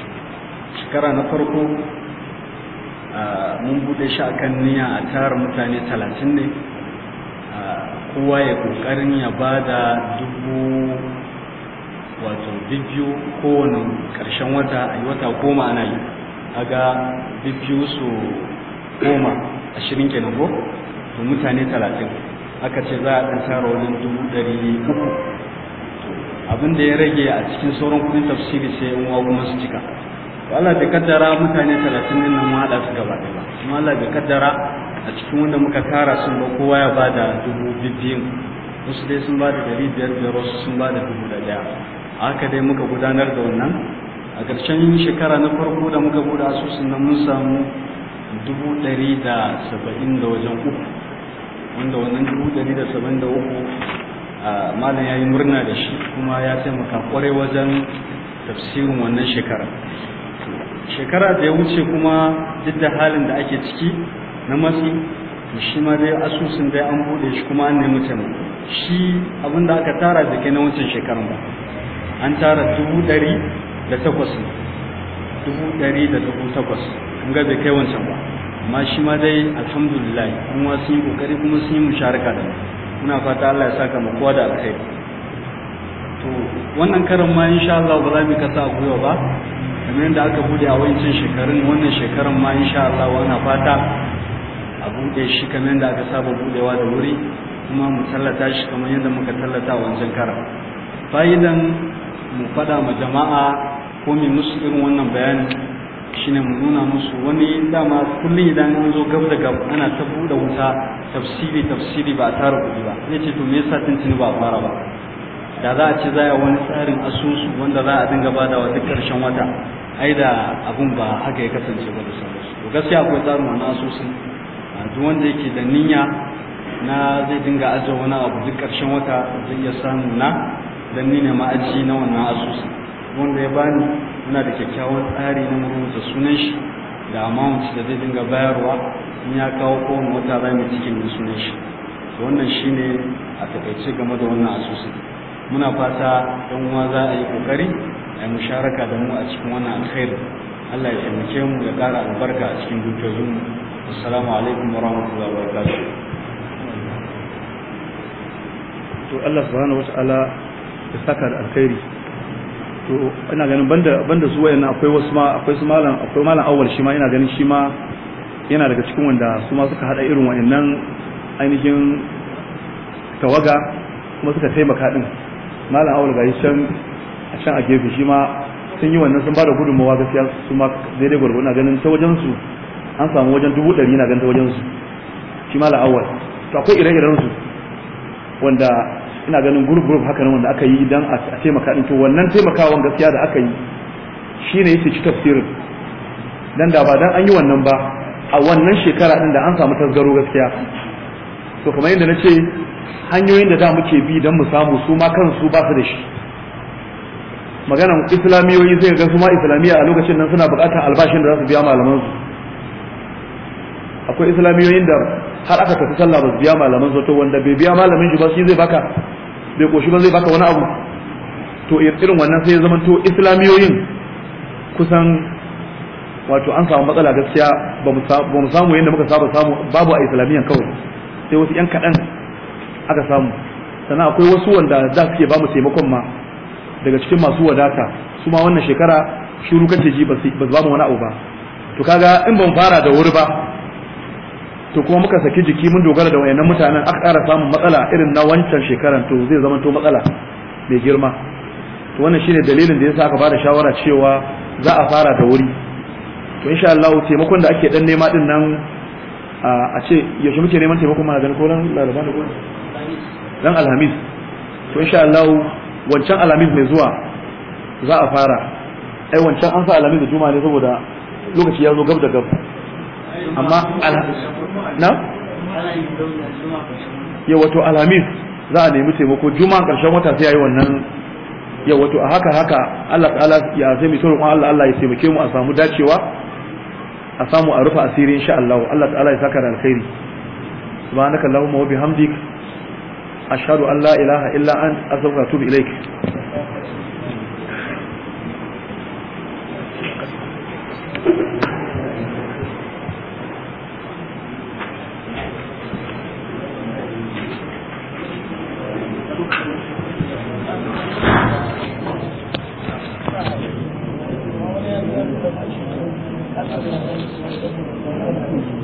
Speaker 3: shekara na farko mun bude shi akan niyya a tara mutane talatin ne kowa ya kokarin ya ba da dubu wato bibiyu kowane karshen wata a yi wata goma ana yi aga bibiyu su goma ashirin kenan ko to mutane talatin aka ce za a ɗan tara wajen dubu ɗari uku abin da ya rage a cikin sauran kudin tafsiri sai yan uwa kuma su cika Allah bai kaddara mutane 30 din nan hada su gaba ba. kuma Allah bai kaddara a cikin wanda muka tara sun ba kowa ya bada dubu biyu wasu dai sun bada dari biyar biyar wasu sun bada dubu da daya haka dai muka gudanar da wannan a ƙarshen shekara na farko da muka buɗe asusun nan mun samu dubu ɗari da saba'in da wajen uku wanda wannan dubu ɗari da saba'in da uku malam ya yi murna da shi kuma ya taimaka kwarai wajen tafsirin wannan shekara shekara da ya wuce kuma duk da halin da ake ciki na matsi to shi ma dai asusun dai an bude shi kuma an nemi taimako shi abin da aka tara da kai na wancan shekarun ba an tara dubu ɗari da takwas dubu ɗari da dubu takwas an ga bai kai wancan ba amma shi ma dai alhamdulillah kuma sun yi kokari kuma sun yi musharaka da mu muna fata Allah ya saka mu kowa da alkhairi to wannan karan ma insha Allah ba za mu kasa a ba kamar yadda aka bude a wancan shekarun wannan shekaran ma insha Allah wannan fata a bude shi kamar yadda aka saba budewa da wuri kuma mu tallata shi kamar yadda muka tallata a wancan karan fa'idan mu fada ma jama'a ko mu musu irin wannan bayanin shine mu nuna musu wani dama kullum idan an zo gab da gab ana ta buɗe wuta tafsiri tafsiri ba tara kuɗi ba ne ce to me yasa tuntuni ba fara ba da za a ce za a wani tsarin asusu wanda za a dinga bada wa duk ƙarshen wata ai da abun ba haka ya kasance ba da sauransu to gaskiya akwai tsarin wani asusun duk wanda yake da niyya na zai dinga ajiye wani abu duk ƙarshen wata zai iya samu na dan ni ne ma'aji na wannan asusun wanda ya bani muna da kyakkyawan tsari na mu sunan shi da amount da zai dinga bayarwa in ya kawo kowane wata za mu cikin da sunan shi wannan shine a takaice game da wannan asusun muna fata ɗan uwa za a yi kokari a yi musharaka da mu a cikin wannan alkhairi Allah ya taimake mu ya ƙara albarka a cikin dukiyoyin mu assalamu alaikum wa rahmatullahi wa
Speaker 1: to Allah subhanahu wataala ya saka da alkhairi to ina ganin banda banda su wayannan akwai wasu ma akwai su malam akwai malam awwal shi ma ina ganin shi ma yana daga cikin wanda su ma suka hada irin wa'annan ainihin tawaga kuma suka taimaka din malam awul gayi can a can a gefe shi ma sun yi wannan sun ba da gudunmawa gaskiya su ma daidai gwargwaro na ganin ta wajen su an samu wajen dubu ɗari na ganin ta wajen su shi malam awul to akwai ire-iren su wanda ina ganin group group haka nan wanda aka yi dan a taimaka din to wannan taimakawan gaskiya da aka yi shine yake ci tafsirin dan da ba dan an yi wannan ba a wannan shekara ɗin da an samu tasgaro gaskiya to kamar yadda na ce hanyoyin da da muke bi don mu samu su ma kansu ba su da shi maganan islamiyoyi zai ga su ma islamiyya a lokacin nan suna buƙatar albashin da za su biya malaman su akwai islamiyoyin da har aka tafi sallah ba su biya malaman su to wanda bai biya malamin shi ba shi zai baka bai koshi ba zai baka wani abu to irin wannan sai ya zama to islamiyoyin kusan wato an samu matsala gaskiya ba mu samu yadda muka saba samu babu a islamiyyan kawai sai wasu yan kaɗan aka samu sannan akwai wasu wanda za su ke ba mu taimakon ma daga cikin masu wadata su ma wannan shekara shuru kan ji ba su ba mu wani abu ba to kaga in ban fara da wuri ba to kuma muka saki jiki mun dogara da wayannan mutanen aka ƙara samun matsala irin na wancan shekaran to zai zama to matsala mai girma to wannan shine dalilin da yasa aka bada shawara cewa za a fara da wuri to insha Allah taimakon da ake dan nema din nan a ce yaushe muke neman taimakon mana ganin ko nan laraba da gobe dan alhamis to insha Allah wancan alhamis mai zuwa za a fara ai wancan an sa alhamis da juma'a ne saboda lokaci ya zo gab da gab amma na ya wato alhamis za a nemi taimako juma'a karshen wata sai yayi wannan ya wato a haka haka Allah ta'ala ya zai mai tsoron Allah Allah ya taimake mu a samu dacewa a samu a rufa asiri insha Allah Allah ta'ala ya saka da alkhairi subhanaka allahumma wa bihamdik ashhadu an la ilaha illa anta astaghfiruka wa atubu ilaik